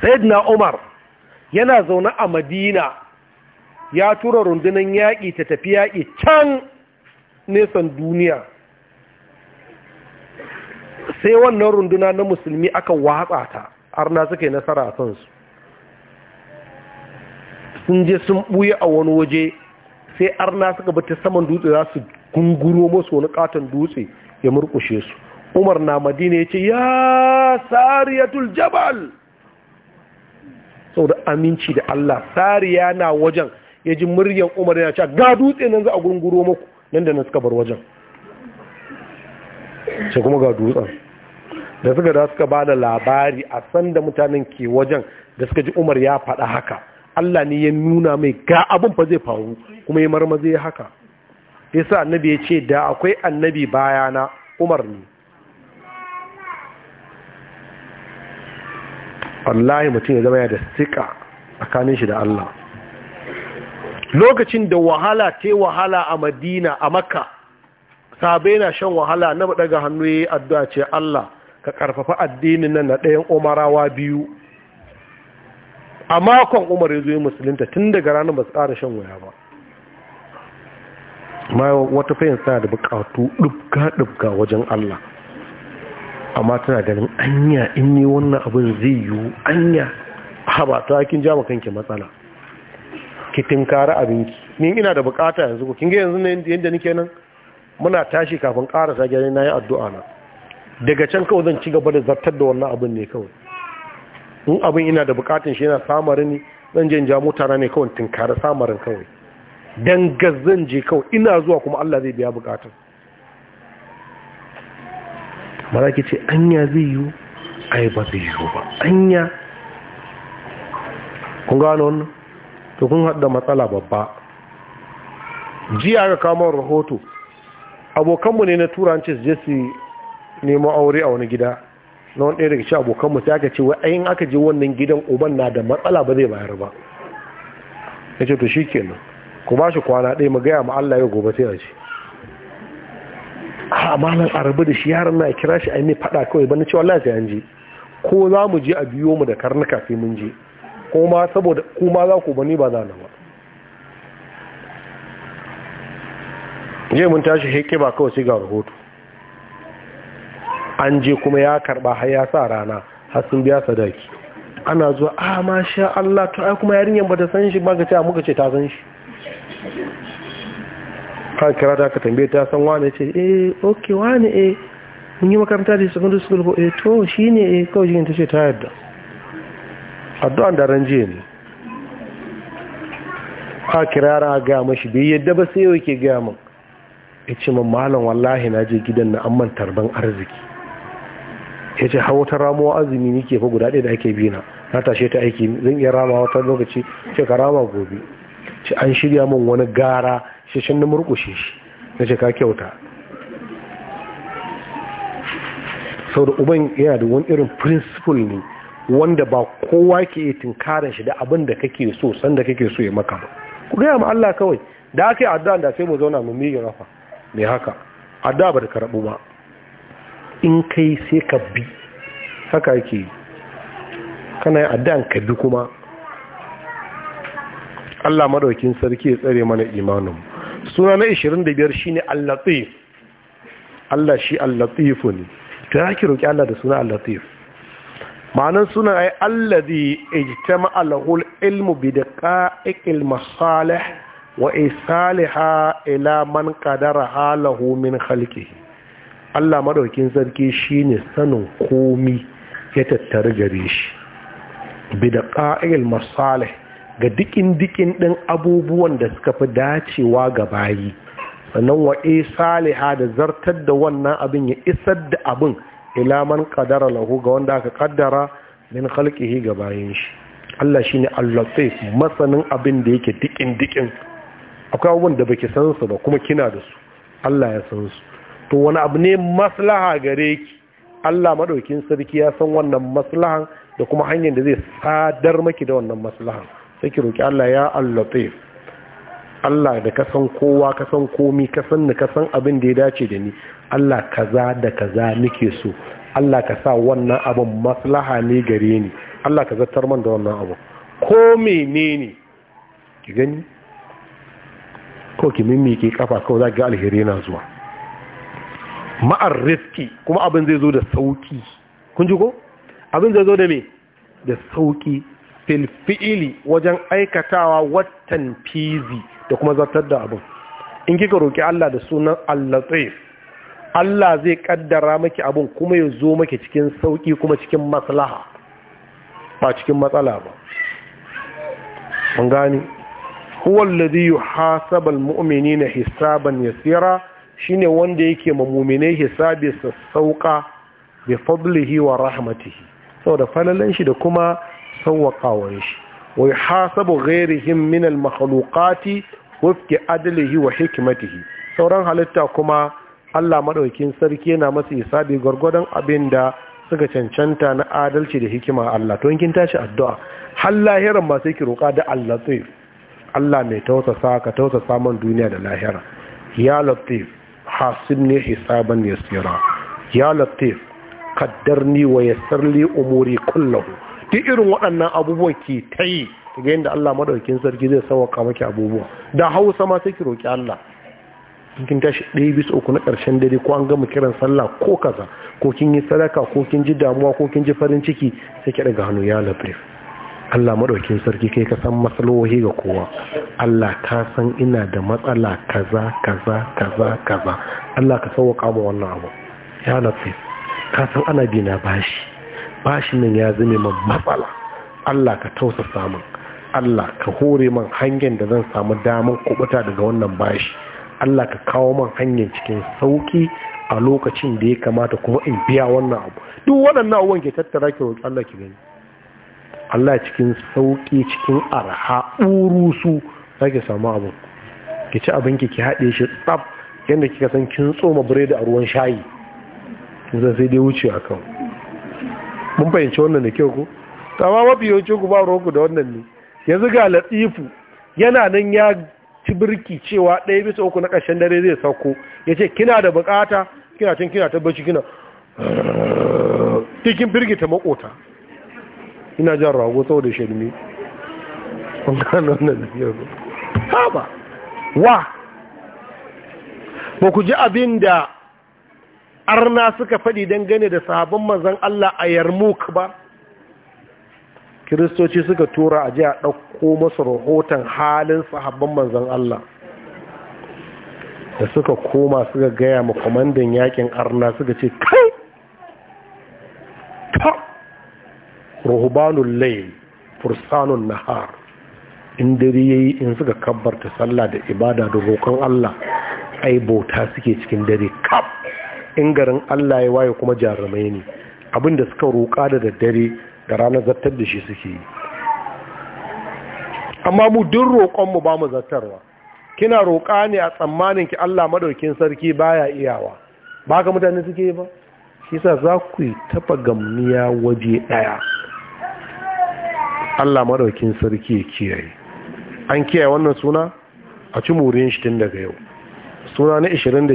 sayyidina Umar yana zaune a Madina ya tura rundunar yaƙi ta tafi yaƙi can nesan duniya sai wannan runduna na musulmi aka watsa ta har na suka yi nasara a kansu sun je sun buye a wani waje sai arna suka bata saman dutse za su gunguro masu wani katon dutse ya murkushe su umar na madina ya ce ya sariyatul jabal sau da aminci da allah sariya na wajen ya ji muryan umar yana cewa ga dutse nan za a gunguro maku nan da nan suka bar wajen sai kuma ga dutsen da suka da suka bada labari a sanda mutanen ke wajen da suka ji umar ya faɗa haka Allah ne ya nuna mai ga abin fa zai faru kuma ya marma zai haka yasa annabi ya ce da akwai annabi bayana umar ne wallahi mutum ya zama ya da sika tsakanin shi da Allah lokacin da wahala yi wahala a Madina a Makka sabai na shan wahala na daga hannu ya yi addu'a ce Allah ka karfafa addinin nan na ɗayan umarawa biyu a makon umar ya zo yi musulunta tun daga ranar ba su ƙara shan waya ba ma wata fayin sa da buƙatu ɗubga-ɗubga wajen Allah amma tana ganin anya in ne wannan abin zai yiwu anya haba ta kin ja kanki matsala ki tinkara abinki ni ina da buƙata yanzu ko kin ga yanzu ne yanda nake nan muna tashi kafin karasa na yi addu'a na daga can kawai zan ci gaba da zartar da wannan abin ne kawai in abin ina da bukatun shi yana samarin ne zan je jamu tara ne kawai kare samarin kawai dan zan je kawai ina zuwa kuma Allah zai biya bukatun ki ce anya zai yiwu ai ba zai yiwu ba anya kun gano wannan to kun hada matsala babba jiya ga kamar rahoto abokanmu ne na turanci su je su nemo aure a wani gida na wani ɗaya daga cikin abokanmu sai aka ce wai ayin aka je wannan gidan uban na da matsala ba zai bayar ba ya ce to shi kenan ku ba shi kwana ɗaya mu gaya ma Allah ya gobe sai a ce a amalan arabu da shi yaran na kira shi ai mai faɗa kawai bana cewa Allah sai an je ko za mu je a biyo mu da karnuka sai mun je kuma saboda za ku bani ba za na ba je mun tashi heke ba kawai sai ga rahoto an je kuma ya karba har ya sa rana har sun biya sadaki ana zuwa a ah, masha Allah to ai kuma yarinyar ba ta san shi ba ga ce muka ce ta san shi ka kira ta ka tambaye ta san wani ce eh okay wani eh mun yi makaranta da secondary school ko eh to shine eh kawai jin ta ce ta yarda addu'a da ranje ne ka kirara ga mashi bai yadda ba sai yake ga mun ya ce malam wallahi na je gidan na amman tarban arziki ya ce hau wata ramuwa azumi ke fa guda ɗaya da ake bina na tashe ta aiki zan iya rama wata lokaci ce ka rama gobe ce an shirya min wani gara shi shi na murkushe shi na ce ka kyauta sau da uban yana da wani irin principle ne wanda ba kowa ke yi tunkarin shi da abin da kake so sanda kake so ya maka ba ku gaya ma Allah kawai da aka yi addu'a da sai mu zauna mu miƙe rafa mai haka addu'a ba da karɓu ba in kai sai ka bi haka ke kana yi addu'an ka bi kuma Allah madaukin sarki ya tsare mana imanin suna na 25 shi al-latif Allah shi al-latif ne to ya ki roƙi Allah da suna al-latif ma'anar suna ai allazi ijtama al-hul ilmu bi daqa'iqil masalih wa isaliha ila man qadara halahu min khalqihi Allah maɗaukin sarki ne sanin komi ya tattare gare shi bi da ƙa'il masalih ga dikin dikin ɗin abubuwan da suka fi dacewa ga bayi sannan wa e saliha da zartar da wannan abin ya isar da abin ilaman ƙadara lahu ga wanda aka ƙaddara min halƙihi ga bayin shi Allah shine Allah latif masanin abin da yake dikin dikin akwai abubuwan da baki san su ba kuma kina da su Allah ya san su to wani abu ne maslaha gare ki Allah maɗaukin sarki ya san wannan maslaha, da kuma hanyar da zai sadar maki da wannan maslaha. sai ki roki Allah ya al Allah da ka san kowa ka san komi ka san ni ka san abin da ya dace da ni Allah kaza da kaza nake so Allah ka sa wannan abin maslaha ne gare ni Allah ka zartar man da wannan abu ko menene ki gani ko ki mimmi kafa kawai za ga alheri na zuwa ma'ar riski kuma abin zai zo da sauki kun ji ko abin zai zo da me da sauki filfi'ili wajen aikatawa watan fizi da kuma zartar da abin in kika roƙi Allah da sunan allah tsaye Allah zai kaddara maki abin kuma ya zo maki cikin sauki kuma cikin maslaha ba cikin matsala ba mun gani huwa alladhi yuhasabu na hisaban yasira shine wanda yake mamumine hisabi sassauka bi fadlihi wa rahmatihi saboda falalan shi da kuma sawwaqawan shi wa yuhasabu ghayrihim min al makhluqati wifqi adlihi wa hikmatihi sauran halitta kuma Allah maɗaukin sarki yana masa hisabi gurgurdan abinda suka cancanta na adalci da hikima Allah to kin tashi addu'a har lahiran masu sai roƙa da Allah tsaye Allah mai tausasa ka tausasa man duniya da lahira ya latif hasibni hisaban yasira ya latif kaddarni wa yassir umuri kullahu duk irin waɗannan abubuwan ki ta yi ga yadda Allah madaukakin sarki zai sauka maka abubuwa da Hausa ma sai ki roki Allah kin tashi ɗaya bisa uku na karshen dare ko an gama kiran sallah ko kaza ko kin yi sadaka ko kin ji damuwa ko kin ji farin ciki sai ki daga hannu ya latif Allah maɗaukin sarki kai ka san matsaloli ga kowa Allah ka san ina da matsala kaza kaza kaza kaza Allah ka sauwaka ma wannan abu ya nafi ka san ana bi na bashi bashi nan ya zame min matsala Allah ka tausa samun Allah ka hore man hanyar da zan samu damar kubuta daga wannan bashi Allah ka kawo man hanyar cikin sauki a lokacin da ya kamata kuma in biya wannan abu duk waɗannan abubuwan ke tattara ki roƙi Allah ki gani Allah cikin sauƙi cikin arha urusu zaki samu abu ki ci abin ki ki haɗe shi tsaf yadda kika san kin tsoma biredi a ruwan shayi zan sai dai wuce a kan mun fahimci wannan da kyau Ta ma mafi yawanci ku ba roku da wannan ne yanzu ga latifu yana nan ya ci birki cewa ɗaya bisa uku na ƙarshen dare zai sauko ya ce kina da bukata kina can kina ta kina cikin birgita makota ina jan rago saboda shirme kun gano wannan ha ba, wa ba ku ji abin da arna suka faɗi dangane da sabon manzan Allah a yarmuk ba kiristoci suka tura a ji a ɗauko masu rahoton halin sahabban manzan Allah da suka koma suka gaya ma kwamandan yakin arna suka ce kai ruhbanul layl fursanun nahar in dare yayi in suka kabbarta sallah da ibada da rokon Allah ai bauta suke cikin dare kaf in garin Allah ya waye kuma jarumai ne abinda suka roƙa da daddare da ranar zartar da shi suke yi amma mu duk roƙon mu ba mu zartarwa kina roƙa ne a tsammanin ki Allah madaukin sarki baya iyawa ba mutane suke yi ba shi za ku yi tafa gamniya waje ɗaya Allah madaukin sarki ya kiyaye an kiyaye wannan suna a ci murin shi tun daga yau suna na 26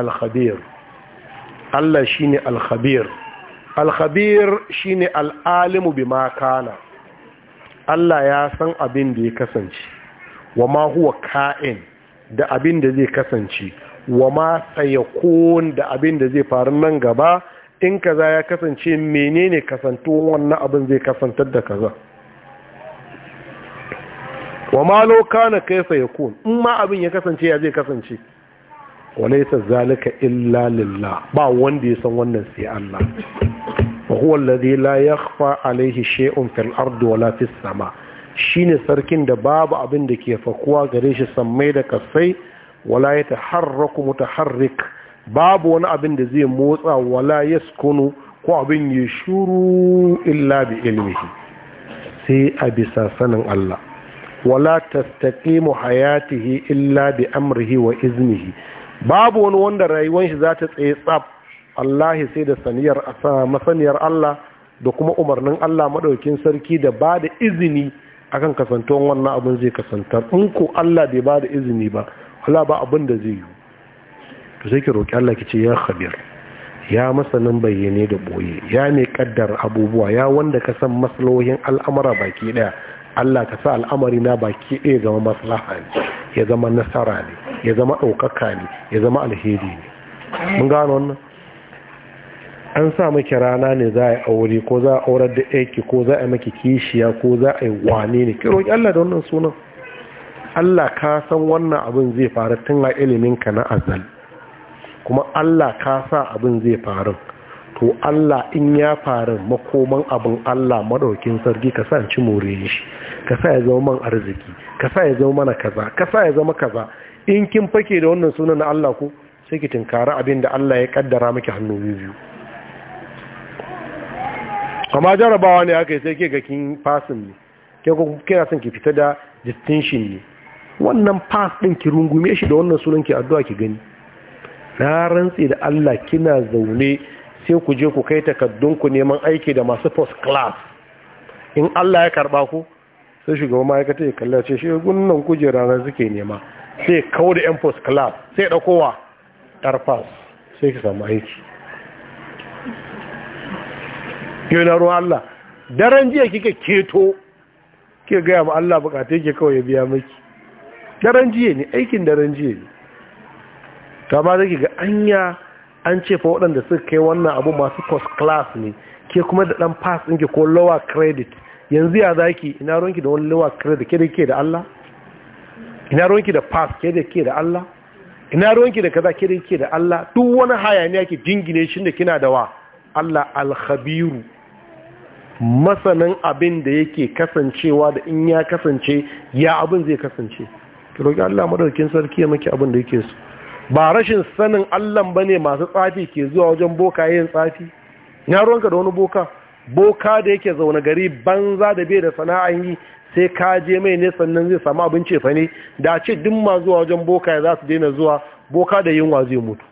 al-khabir Allah shine al-khabir al-khabir shine al-alimu bima kana Allah ya san abin da ya kasance wa ma huwa ka'in da abin da zai kasance wa ma sayakun da abin da zai faru nan gaba in kaza ya kasance menene kasantuwan wannan abin zai kasantar da kaza wa kai kana kaifa yakun in ma abin ya kasance ya zai kasance sa zalika illa lillah ba wanda ya san wannan sai Allah wa huwa alladhi la yakhfa alayhi shay'un fil ardi wala fis sama shine sarkin da babu abin da ke fakuwa gare shi sammai da kasai wala yataharraku mutaharrik babu wani abin da zai motsa wala yaskunu ko abin ya shuru illa bi ilmihi sai a bisa sanin Allah wala tastaqimu hayatihi illa bi amrihi wa iznihi babu wani wanda rayuwar shi za ta tsaye tsaf wallahi sai da saniyar masaniyar Allah da kuma umarnin Allah madaukin sarki da ba da izini akan kasantuwan wannan abin zai kasantar in ko Allah bai ba da izini ba Wala ba abin da zai yi to sai ki roki Allah ki ce ya khabir ya masanin bayyane da boye ya mai kaddar abubuwa ya wanda ka san maslohin al'amura baki daya Allah ka sa al'amari na baki ɗaya zama maslaha ne ya zama nasara ne ya zama ɗaukaka ne ya zama alheri ne mun gano wannan an sa miki rana ne za a yi aure ko za a aurar da aiki ko za a yi maki kishiya ko za a yi wane ne ki Allah da wannan sunan Allah ka san wannan abin zai faru tun a ilimin ka na azal kuma Allah ka sa abin zai faru to Allah in ya fara makoman abin Allah maɗaukin sarki ka sa ci more shi ka sa ya zama man arziki ka sa ya zama mana kaza ka sa ya zama kaza in kin fake da wannan sunan na Allah ko sai ki tinkari abin da Allah ya kaddara miki hannu biyu amma jarabawa ne aka yi sai ke ga kin fasin ne ke kina son ki fita da distinction ne wannan pass din ki rungume shi da wannan sunan ki addu'a ki gani na rantsi da Allah kina zaune sai ku je ku kai ku neman aiki da masu first class in Allah ya karba ku sai shugaban ma'aikata ya kalla ce shi gunnan kujera na suke nema sai kawo da yan class sai ɗaukowa pass sai ki samu aiki yau na ruwan Allah daren jiya kika keto ke gaya ma Allah bukate ke kawai ya biya miki daren jiya ne aikin daren jiya ne ta ma zai ga anya an ce fa waɗanda suka kai wannan abu masu cost class ne ke kuma da ɗan pass ɗinke ko lower credit yanzu ya zaki ina ronki da wani lower credit ke da ke da Allah ina ronki da pass ke da ke da Allah ina ronki da kaza ke da ke da Allah duk wani haya ne ke jingine shi da kina da wa Allah Alhabiru masanin abin da yake kasancewa da in ya kasance ya abin zai kasance ki roki Allah madaukakin sarki ya maki abin da yake so ba rashin sanin allon ba ne masu tsafi ke zuwa wajen boka yin tsafi ya ruwanka da wani boka boka da yake zaune gari banza da bai da sana'an yi sai ka je mai ne sannan zai samu abin cefa ne da ce din ma zuwa wajen boka ya za su daina zuwa boka da yunwa zai mutu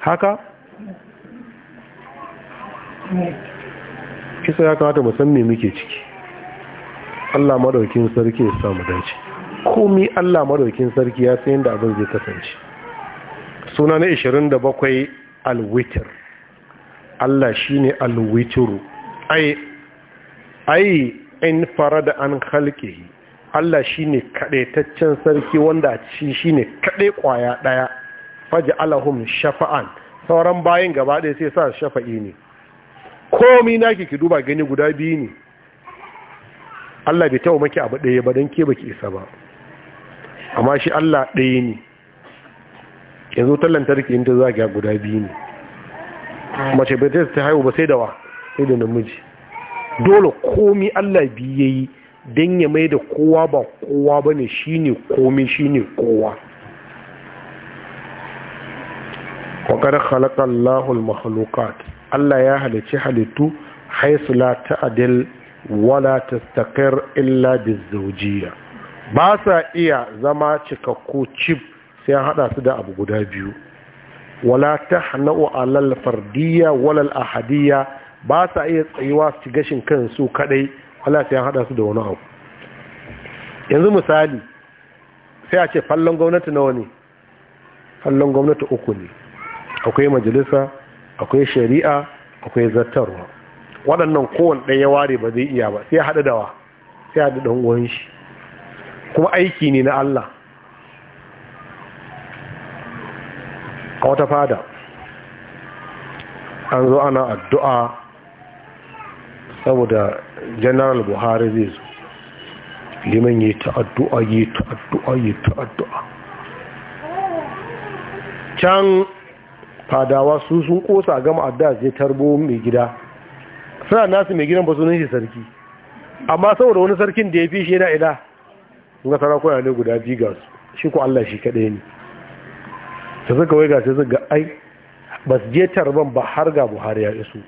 haka kisa ya kamata musamman muke ciki Allah madaukin sarki ya samu dace komi Allah madaukin sarki ya san yadda abin zai kasance suna na 27 alwitir Allah shi ne alwitiru ai ai in da an halke Allah shi shine kadaitaccen sarki wanda shi shine kadai kwaya daya alahum shafa'an sauran bayan gaba ɗaya sai sa shafa'i ne komi naki ki duba gani guda biyu ne Allah bai tawo maki abu ɗaya ba don ke baki isa ba amma shi Allah ɗaya ne yanzu ta lantarki in ta zagaya guda biyu ne mace bai ta haihu ba sai da wa sai da namiji dole komi allah biyu ya yi don ya mai da kowa ba kowa ba ne shi ne komi shi ne kowa wakar halakar lahul mahalukat allah ya halici halittu haisu la ta'adil wala tastakir illa da zaujiya. ba sa iya zama cikakku cif sai an haɗa su da abu guda biyu wala ta hana'u alal fardiya walal ahadiya ba sa iya tsayuwa su gashin kansu kadai wala sai an haɗa su da wani abu yanzu misali sai a ce fallon gwamnati nawa ne fallon gwamnati uku ne akwai majalisa akwai shari'a akwai zartarwa waɗannan kowane ɗaya ware ba zai iya ba sai haɗu da wa sai haɗu da shi kuma aiki ne na Allah a wata fada an zo ana addu'a saboda general buhari zai zo liman yi ta addu'a yi ta addu'a yi ta addu'a can fadawa su sun kosa gama addu'a zai tarbo mai gida suna nasu mai gidan ba sunan shi sarki amma saboda wani sarkin da ya fi shi yana ila ga sarakuna ne guda biyu ga shi ku allah shi kaɗai ne da suka wai ga sai suka ai ba su je tarban ba har ga buhari ya isu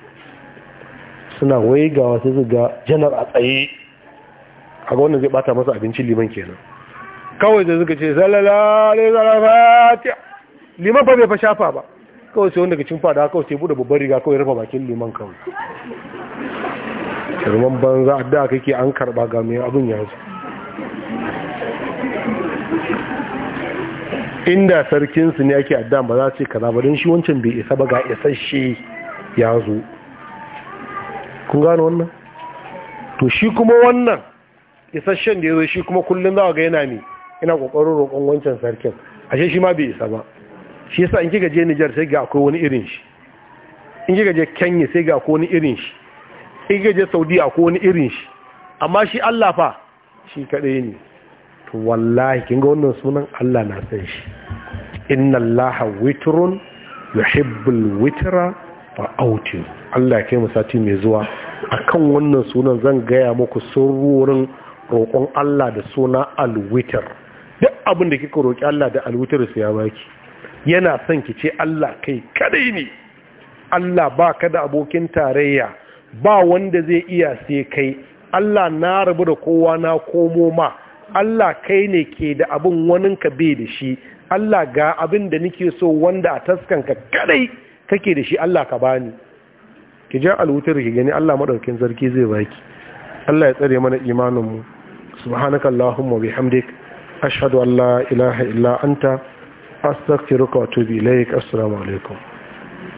suna wai ga wasu su ga janar a tsaye a ga wannan zai bata masa abincin liman kenan kawai da suka ce salalale zalafatiya liman fa bai fa shafa ba kawai sai wanda ga cin fada kawai sai bude babban riga kawai rufe bakin liman kawai shirman banza da kake an karba ga mai abin ya zo inda sarkinsu ne ake addan ba za su kaza ba don shi wancan bai isa ba ga isasshe ya zo kun gano wannan to shi kuma wannan isasshen da ya zo shi kuma kullum za ga yana ne ina kokarin roƙon wancan sarkin ashe shi ma bai isa ba shi yasa in kika je Niger sai ga akwai wani irin shi in kika je Kenya sai ga akwai wani irin shi in kika je Saudi akwai wani irin shi amma shi Allah fa shi kadai ne to wallahi ga wannan sunan Allah na san shi inna allaha witrun yuhibbul witra fa auti Allah ya kai mu sati mai zuwa akan wannan sunan zan gaya muku sururin roƙon Allah da suna alwitar duk abin da kika roƙi Allah da alwitar su ya baki yana son ki ce Allah kai kadai ne Allah ba ka da abokin tarayya ba wanda zai iya sai kai Allah na rabu da kowa na komo ma Allah kai ne ke da abin waninka bai da shi Allah ga abin da nake so wanda a taskanka kadai kake da shi Allah ka bani ki ja alwutar ki gani Allah maɗaukin sarki zai baki Allah ya tsare mana imanin mu subhanakallahumma bihamdik ashhadu an la ilaha illa anta astaghfiruka wa atubu ilaik assalamu alaikum